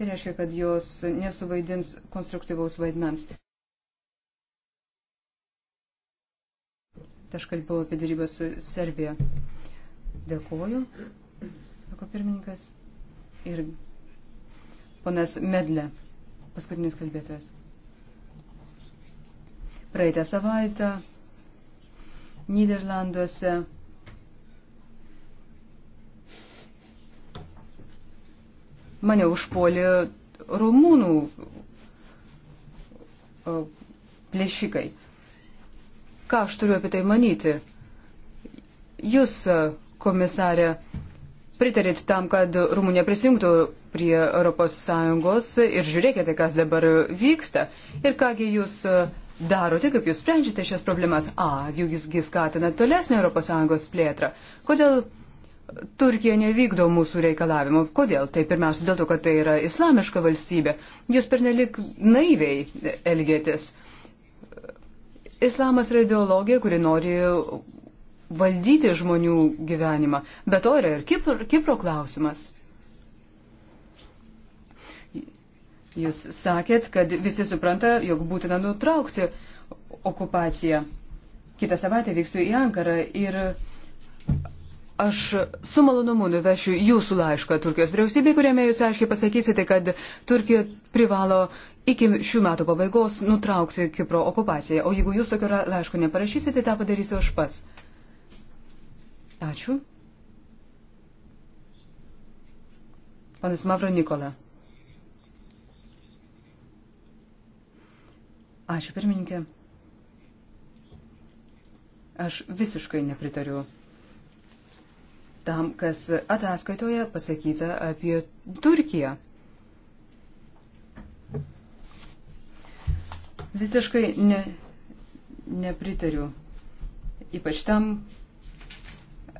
Tai reiškia, kad jos nesuvaidins konstruktyvaus vaidmens. Tai aš kalbėjau apie darybą su Serbija. Dėkuoju, sako pirmininkas. Ir ponas Medlė, paskutinis kalbėtojas. Praeitą savaitę Niderlanduose mane užpuolė rumūnų e, plėšikai. Ką aš turiu apie tai manyti? Jūs, e, komisarė, pritarėt tam, kad Rumunija prisijungtų prie ES ir žiūrėkite, kas dabar vyksta. Ir kągi jūs e, darote, kaip jūs sprendžiate šias problemas? A, jūsgi skatinat tolesnį ES plėtrą. Kodėl Turkija nevykdo mūsų reikalavimų. Kodėl? Tai pirmiausia dėl to, kad tai yra islamiška valstybė. Jūs pernelik naiviai elgėtis. Islamas yra ideologija, kuri nori valdyti žmonių gyvenimą. Bet to yra ir Kipro, Kipro klausimas. Jūs sakėt, kad visi supranta, jog būtina nutraukti okupaciją. Kitą savaitę vyksiu į Ankarą ir Aš su malonumu nuvešiu jūsų laišką Turkijos vyriausybei, kuriame jūs aiškiai pasakysite, kad Turkija privalo iki šių metų pabaigos nutraukti Kipro okupaciją. O jeigu jūs tokio laiško neparašysite, tą padarysiu aš pats. Ačiū. Panas Mavro Nikola. Ačiū pirmininkė. Aš visiškai nepritariu tam, kas ataskaitoje pasakyta apie Turkiją. Visiškai ne, nepritariu. Ypač tam,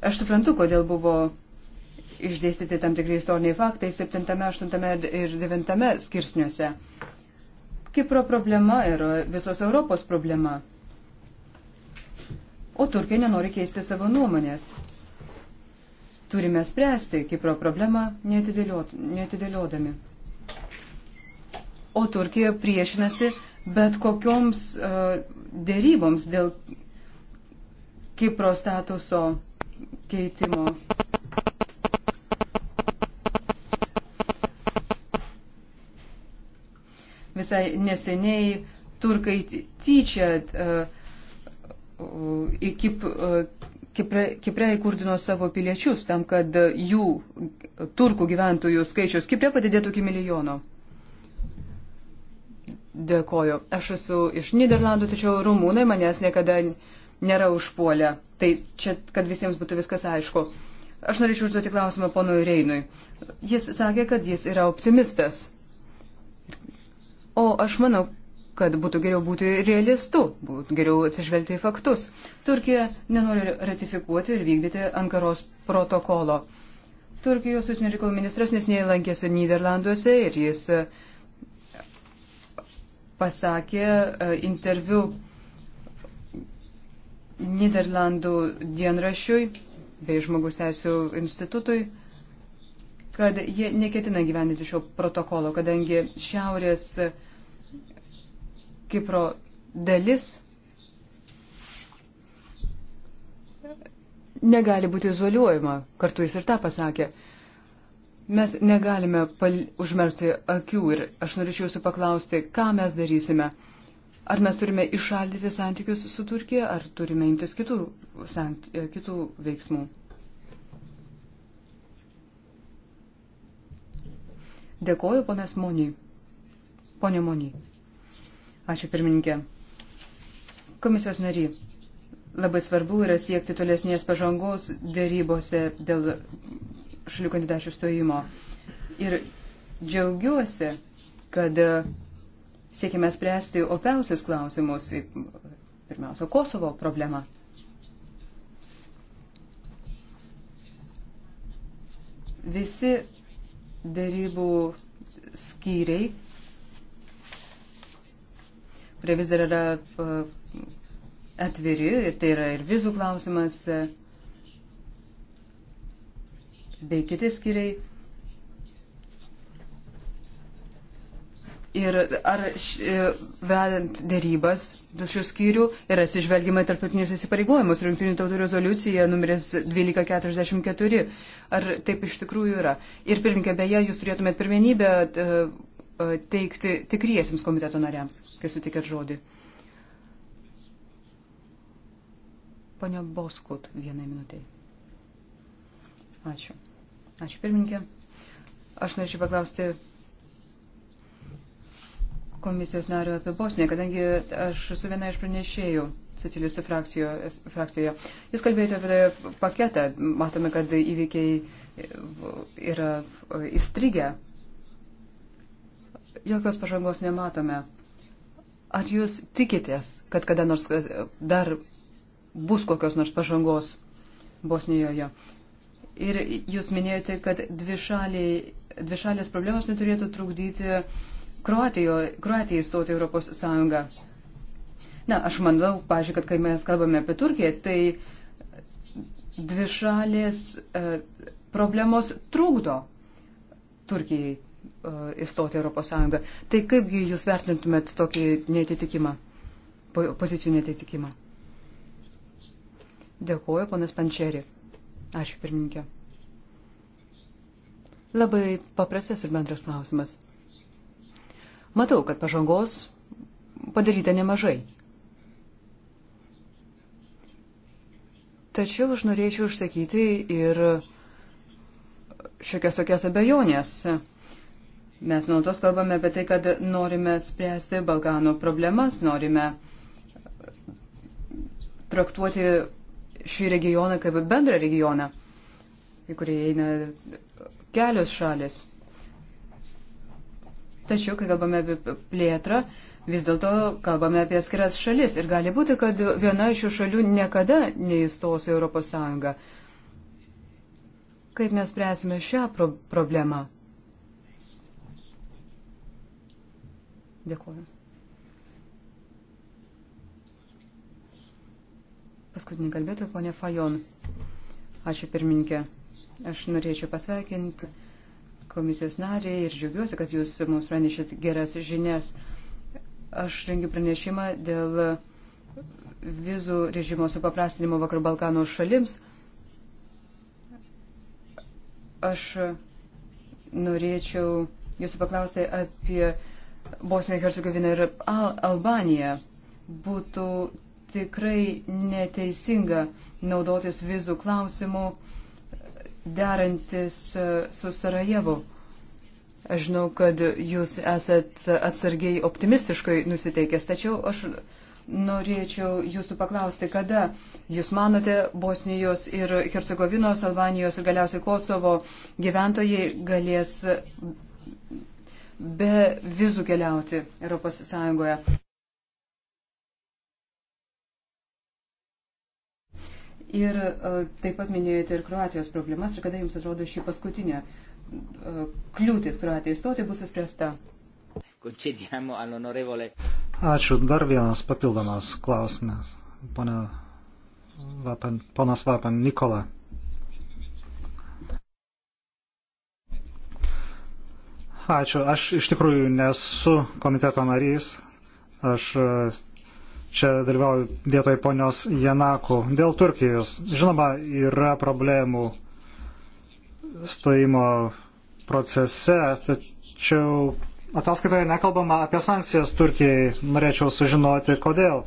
aš suprantu, kodėl buvo išdėstyti tam tikri istoriniai faktai 7, 8 ir 9 skirsniuose. Kipro problema yra visos Europos problema. O Turkija nenori keisti savo nuomonės turime spręsti Kipro problemą neatidėliodami. O Turkija priešinasi bet kokioms e, dėryboms dėl Kipro statuso keitimo. Visai neseniai turkai tyčia uh, į Kip, uh, Kipre, Kipre įkurdino savo piliečius tam, kad jų turkų gyventojų skaičius Kipre padidėtų iki milijono. Dėkoju. Aš esu iš Niderlandų, tačiau rumūnai manęs niekada nėra užpuolę. Tai čia, kad visiems būtų viskas aišku. Aš norėčiau užduoti klausimą ponui Reinui. Jis sakė, kad jis yra optimistas. O aš manau, kad būtų geriau būti realistu, būtų geriau atsižvelgti į faktus. Turkija nenori ratifikuoti ir vykdyti Ankaros protokolo. Turkijos užsienio reikalų ministras nesiniai lankėsi Niderlanduose ir jis e, pasakė e, interviu Niderlandų dienrašiui bei žmogus teisų institutui, kad jie neketina gyveninti šio protokolo, kadangi Šiaurės uh, Kipro dalis negali būti izoliuojama, kartu jis ir tą pasakė. Mes negalime užmerkti akių ir aš norėčiau jūsų paklausti, ką mes darysime. Ar mes turime išaldyti santykius su Turkija, ar turime imtis kitų, sant, e, kitų veiksmų? Dėkoju, ponas Moniai. Pone Moniai. Ačiū pirmininkė. Komisijos nary, labai svarbu yra siekti tolesnės pažangos dėrybose dėl šalių kandidačių stojimo. Ir džiaugiuosi, kad siekime spręsti opiausius klausimus, pirmiausia, Kosovo problemą. Visi dėrybų skyriai kurie vis dar yra e, atviri, tai yra ir vizų klausimas, e, bei kiti skiriai. Ir ar e, vedant dėrybas du šių skyrių yra atsižvelgiama tarptautinius įsipareigojimus, rinktinių tautų rezoliucija numeris 1244. Ar taip iš tikrųjų yra? Ir pirminkė, beje, jūs turėtumėt pirmenybę E, teikti tikriesiems komiteto nariams, kai sutikėt žodį. Pane Boskut, vienai minutiai. Ačiū. Ačiū pirmininkė. Aš norėčiau paklausti komisijos nario apie Bosniją, kadangi aš esu viena iš pranešėjų socialistų frakcijoje. Jūs kalbėjote apie paketą, matome, kad įvykiai yra įstrigę jokios pažangos nematome. Ar jūs tikitės, kad kada nors dar bus kokios nors pažangos Bosnijoje? Ir jūs minėjote, kad dvišaliai, dvišalės problemos neturėtų trukdyti Kroatijo, Kroatijai stoti Europos Sąjungą. Na, aš manau, pažiūrėk, kad kai mes kalbame apie Turkiją, tai dvišalės e, problemos trukdo Turkijai. E, įstoti Europos Sąjungą. Tai kaipgi jūs vertintumėt tokį netitikimą, pozicijų netitikimą? Dėkuoju, ponas Pančeri. Ačiū, pirmininkė. Labai paprastas ir bendras klausimas. Matau, kad pažangos padaryta nemažai. Tačiau aš norėčiau užsakyti ir šiokias tokias abejonės Mes nuolatos kalbame apie tai, kad norime spręsti Balkanų problemas, norime traktuoti šį regioną kaip bendrą regioną, į kurį eina kelios šalis. Tačiau, kai kalbame apie plėtrą, vis dėlto kalbame apie skiras šalis ir gali būti, kad viena iš šių šalių niekada neįstos į Europos Sąjungą. Kaip mes spręsime šią pro problemą? Dėkuoju. Paskutinį kalbėtoją, ponė Fajon. Ačiū pirmininkė. Aš norėčiau pasveikinti komisijos narį ir džiaugiuosi, kad jūs mums pranešėt geras žinias. Aš rengiu pranešimą dėl vizų režimo supaprastinimo Vakarų Balkanų šalims. Aš norėčiau jūsų paklausti apie Bosnija, Hercegovina ir Al Albanija, būtų tikrai neteisinga naudotis vizų klausimu derantis e, su Sarajevu. Aš žinau, kad jūs esat atsargiai optimistiškai nusiteikęs, tačiau aš norėčiau jūsų paklausti, kada jūs manote Bosnijos ir Hercegovinos, Albanijos ir galiausiai Kosovo gyventojai galės be vizų keliauti Europos Sąjungoje. Ir e, taip pat minėjote ir Kroatijos problemas ir kada jums atrodo šį paskutinę e, kliūtis Kroatijai stoti bus įspręsta. Ačiū. Dar vienas papildomas klausimas. Pone Vapen, ponas Vapan Nikola. Ačiū. Aš iš tikrųjų nesu komiteto narys. Aš e, čia dalyvauju vietoj ponios Janakų. Dėl Turkijos. Žinoma, yra problemų stojimo procese, tačiau ataskaitoje nekalbama apie sankcijas Turkijai. Norėčiau sužinoti, kodėl.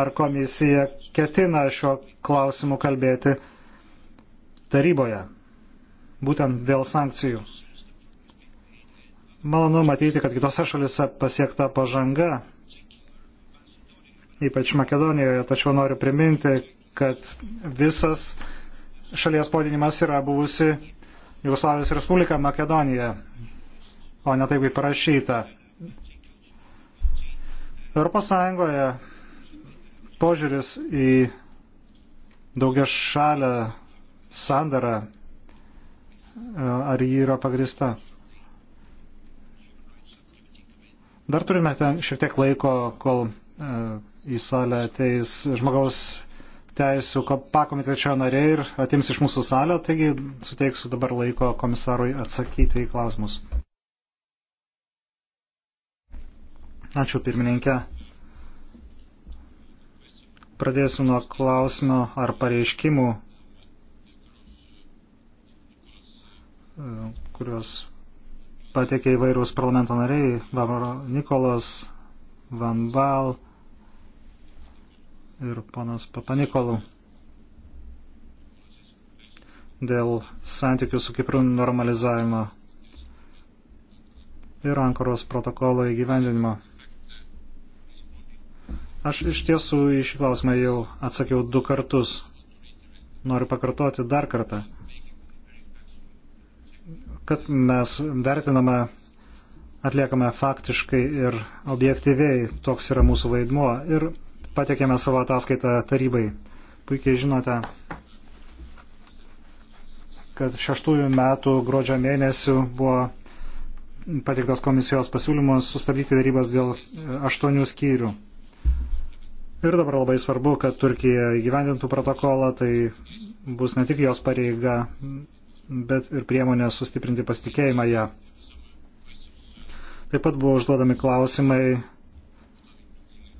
Ar komisija ketina šiuo klausimu kalbėti taryboje, būtent dėl sankcijų. Malonu matyti, kad kitose šalise pasiekta pažanga, ypač Makedonijoje, tačiau noriu priminti, kad visas šalies pavadinimas yra buvusi Jugoslavijos Respublika Makedonija, o ne taip kaip parašyta. Europos Sąjungoje požiūris į daugia šalę sandarą, e, ar ji yra pagrista? Dar turime ten šiek tiek laiko, kol e, į salę ateis žmogaus teisų pakomitečio nariai ir atims iš mūsų salę, taigi suteiksiu dabar laiko komisarui atsakyti į klausimus. Ačiū pirmininkė. Pradėsiu nuo klausimo ar pareiškimų, e, kuriuos pateikė įvairūs parlamento nariai, Vavro Nikolas, Van Val ir ponas Papanikolų dėl santykių su Kipru normalizavimo ir Ankaros protokolo įgyvendinimo. Aš iš tiesų į šį klausimą jau atsakiau du kartus. Noriu pakartoti dar kartą kad mes vertiname, atliekame faktiškai ir objektyviai, toks yra mūsų vaidmuo ir patekėme savo ataskaitą tarybai. Puikiai žinote, kad šeštųjų metų gruodžio mėnesių buvo pateiktas komisijos pasiūlymas sustabdyti darybas dėl aštuonių skyrių. Ir dabar labai svarbu, kad Turkija įgyvendintų protokolą, tai bus ne tik jos pareiga, bet ir priemonė sustiprinti pasitikėjimą ją. Taip pat buvo užduodami klausimai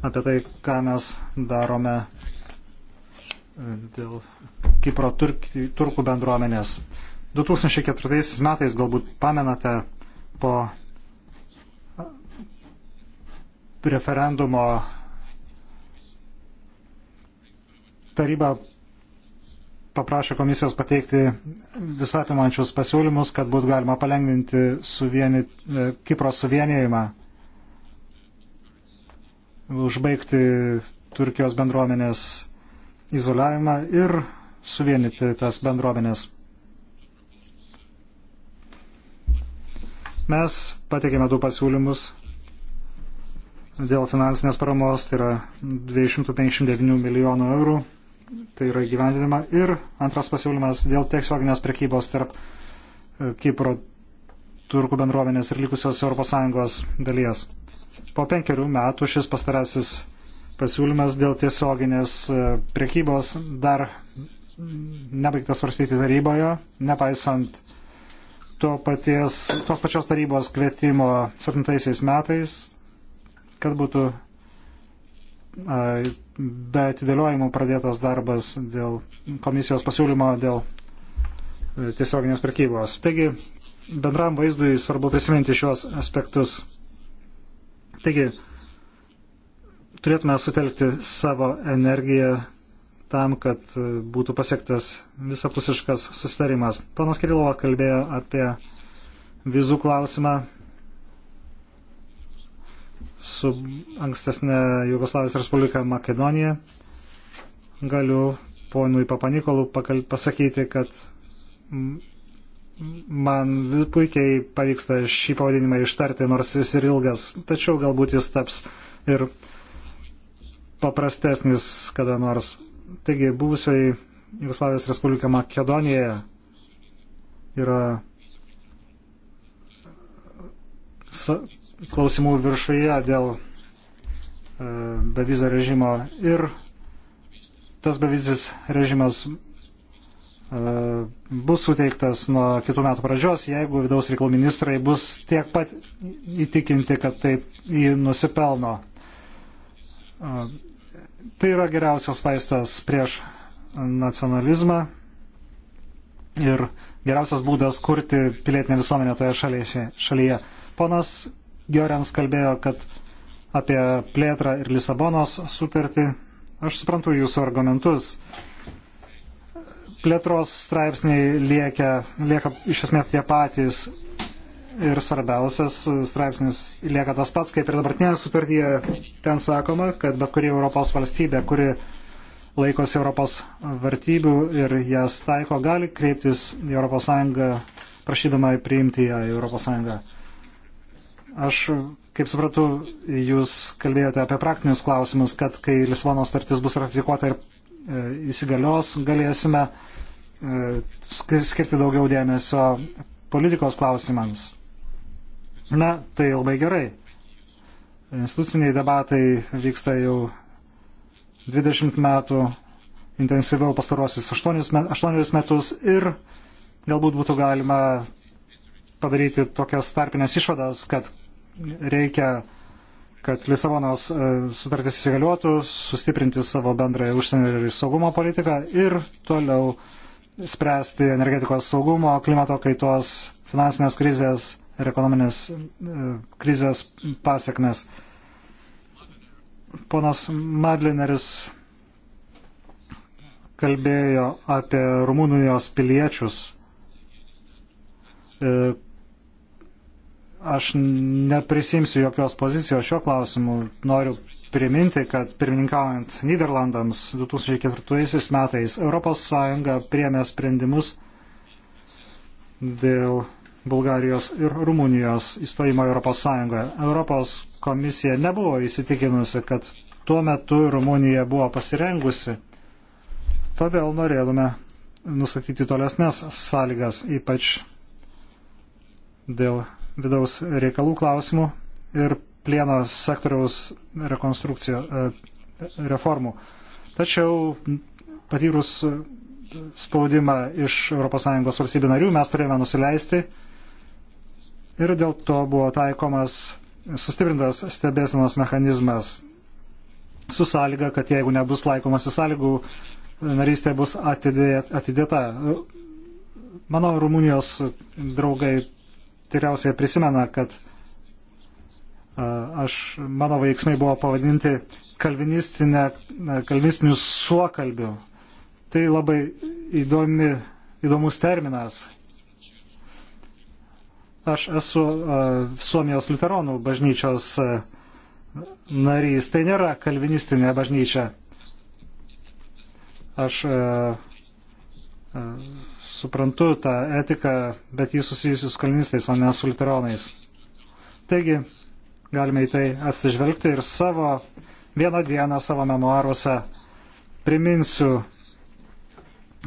apie tai, ką mes darome e, dėl Kipro turk, turkų bendruomenės. 2004 metais, galbūt pamenate, po referendumo taryba paprašė komisijos pateikti visapimančius pasiūlymus, kad būtų galima palengvinti suvieni, e, Kipro suvienėjimą, užbaigti Turkijos bendruomenės izoliavimą ir suvienyti tas bendruomenės. Mes pateikėme du pasiūlymus dėl finansinės paramos, tai yra 259 milijonų eurų tai yra įgyvendinama. Ir antras pasiūlymas dėl tiesioginės prekybos tarp e, Kipro turkų bendruomenės ir likusios ES dalies. Po penkerių metų šis pastarasis pasiūlymas dėl tiesioginės e, prekybos dar nebaigtas svarstyti taryboje, nepaisant to paties, tos pačios tarybos kvietimo 7 metais, kad būtų be atidėliojimų pradėtas darbas dėl komisijos pasiūlymo dėl e, tiesioginės prekybos. Taigi, bendram vaizdui svarbu prisiminti šios aspektus. Taigi, turėtume sutelkti savo energiją tam, kad e, būtų pasiektas visapusiškas susitarimas. Panas Kirilovas kalbėjo apie vizų klausimą su ankstesnė Jugoslavijos Respublika Makedonija. Galiu ponui Papanikolų pasakyti, kad man puikiai pavyksta šį pavadinimą ištarti, nors jis ir ilgas, tačiau galbūt jis taps ir paprastesnis kada nors. Taigi, buvusioji Jugoslavijos Respublika Makedonijoje yra klausimų viršuje dėl e, bevizio režimo ir tas bevizis režimas e, bus suteiktas nuo kitų metų pradžios, jeigu vidaus reikalų ministrai bus tiek pat įtikinti, kad taip jį nusipelno. E, tai yra geriausias vaistas prieš nacionalizmą ir geriausias būdas kurti pilietinę visuomenę toje šalyje. šalyje. Ponas Giorens kalbėjo, kad apie plėtrą ir Lisabonos sutartį. Aš suprantu jūsų argumentus. Plėtros straipsniai lieka, lieka iš esmės tie patys ir svarbiausias straipsnis lieka tas pats, kaip ir dabartinėje sutartyje. Ten sakoma, kad bet kuri Europos valstybė, kuri laikosi Europos vertybių ir jas taiko, gali kreiptis į ES prašydama priimti ją į ES. Aš, kaip supratau, jūs kalbėjote apie praktinius klausimus, kad kai Lisbono startis bus ratifikuota ir e, įsigalios, galėsime e, skirti daugiau dėmesio politikos klausimams. Na, tai labai gerai. Instituciniai debatai vyksta jau 20 metų, intensyviau pastarosius 8 metus ir galbūt būtų galima padaryti tokias tarpinės išvadas, kad reikia, kad Lisabonos e, sutartis įsigaliuotų, sustiprinti savo bendrąją užsienio ir saugumo politiką ir toliau spręsti energetikos saugumo, klimato kaitos, finansinės krizės ir ekonominės e, krizės pasiekmes. Ponas Madlineris kalbėjo apie Rumunijos piliečius, e, aš neprisimsiu jokios pozicijos šiuo klausimu. Noriu priminti, kad pirmininkaujant Niderlandams 2004 metais ES priemė sprendimus dėl Bulgarijos ir Rumunijos įstojimo ES. Europos komisija nebuvo įsitikinusi, kad tuo metu Rumunija buvo pasirengusi. Todėl norėtume nustatyti tolesnės sąlygas, ypač dėl vidaus reikalų klausimų ir plieno sektoriaus e, reformų. Tačiau patyrus spaudimą iš ES valstybių narių mes turėjome nusileisti ir dėl to buvo taikomas sustiprintas stebėsenos mechanizmas su sąlyga, kad jeigu nebus laikomasi sąlygų, narystė bus atidėta. Mano Rumunijos draugai tikriausiai prisimena, kad aš, mano veiksmai buvo pavadinti kalvinistiniu suokalbiu. Tai labai įdomi, įdomus terminas. Aš esu uh, Suomijos liuteronų bažnyčios uh, narys. Tai nėra kalvinistinė bažnyčia. Aš uh, uh, suprantu tą etiką, bet jį susijusius su kalnistais, o ne su liuteronais. Taigi, galime į tai atsižvelgti ir savo vieną dieną savo memoaruose priminsiu,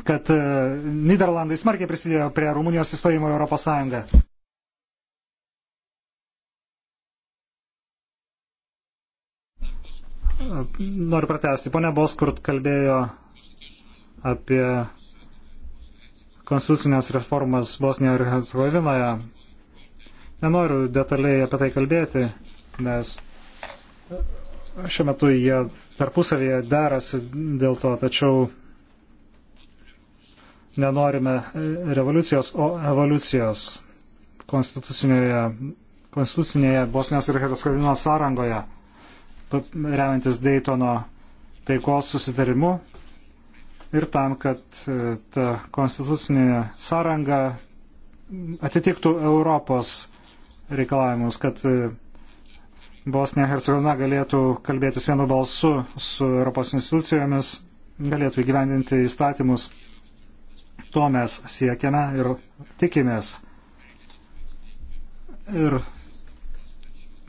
kad e, Niderlandai smarkiai prisidėjo prie Rumunijos įstojimo į Europos Sąjungą. Noriu pratesti. Pone Boskurt kalbėjo apie konstitucinės reformas Bosnijoje ir Hercegovinoje. Nenoriu detaliai apie tai kalbėti, nes šiuo metu jie tarpusavėje derasi dėl to, tačiau nenorime revoliucijos, o evoliucijos konstitucinėje, konstitucinėje Bosnijos ir Hercegovinos sąrangoje, remiantis Daytono taikos susitarimu, ir tam, kad e, ta konstitucinė sąranga atitiktų Europos reikalavimus, kad e, Bosnija Hercegovina galėtų kalbėtis vienu balsu su Europos institucijomis, galėtų įgyvendinti įstatymus. To mes siekiame ir tikimės. Ir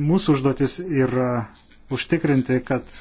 mūsų užduotis yra užtikrinti, kad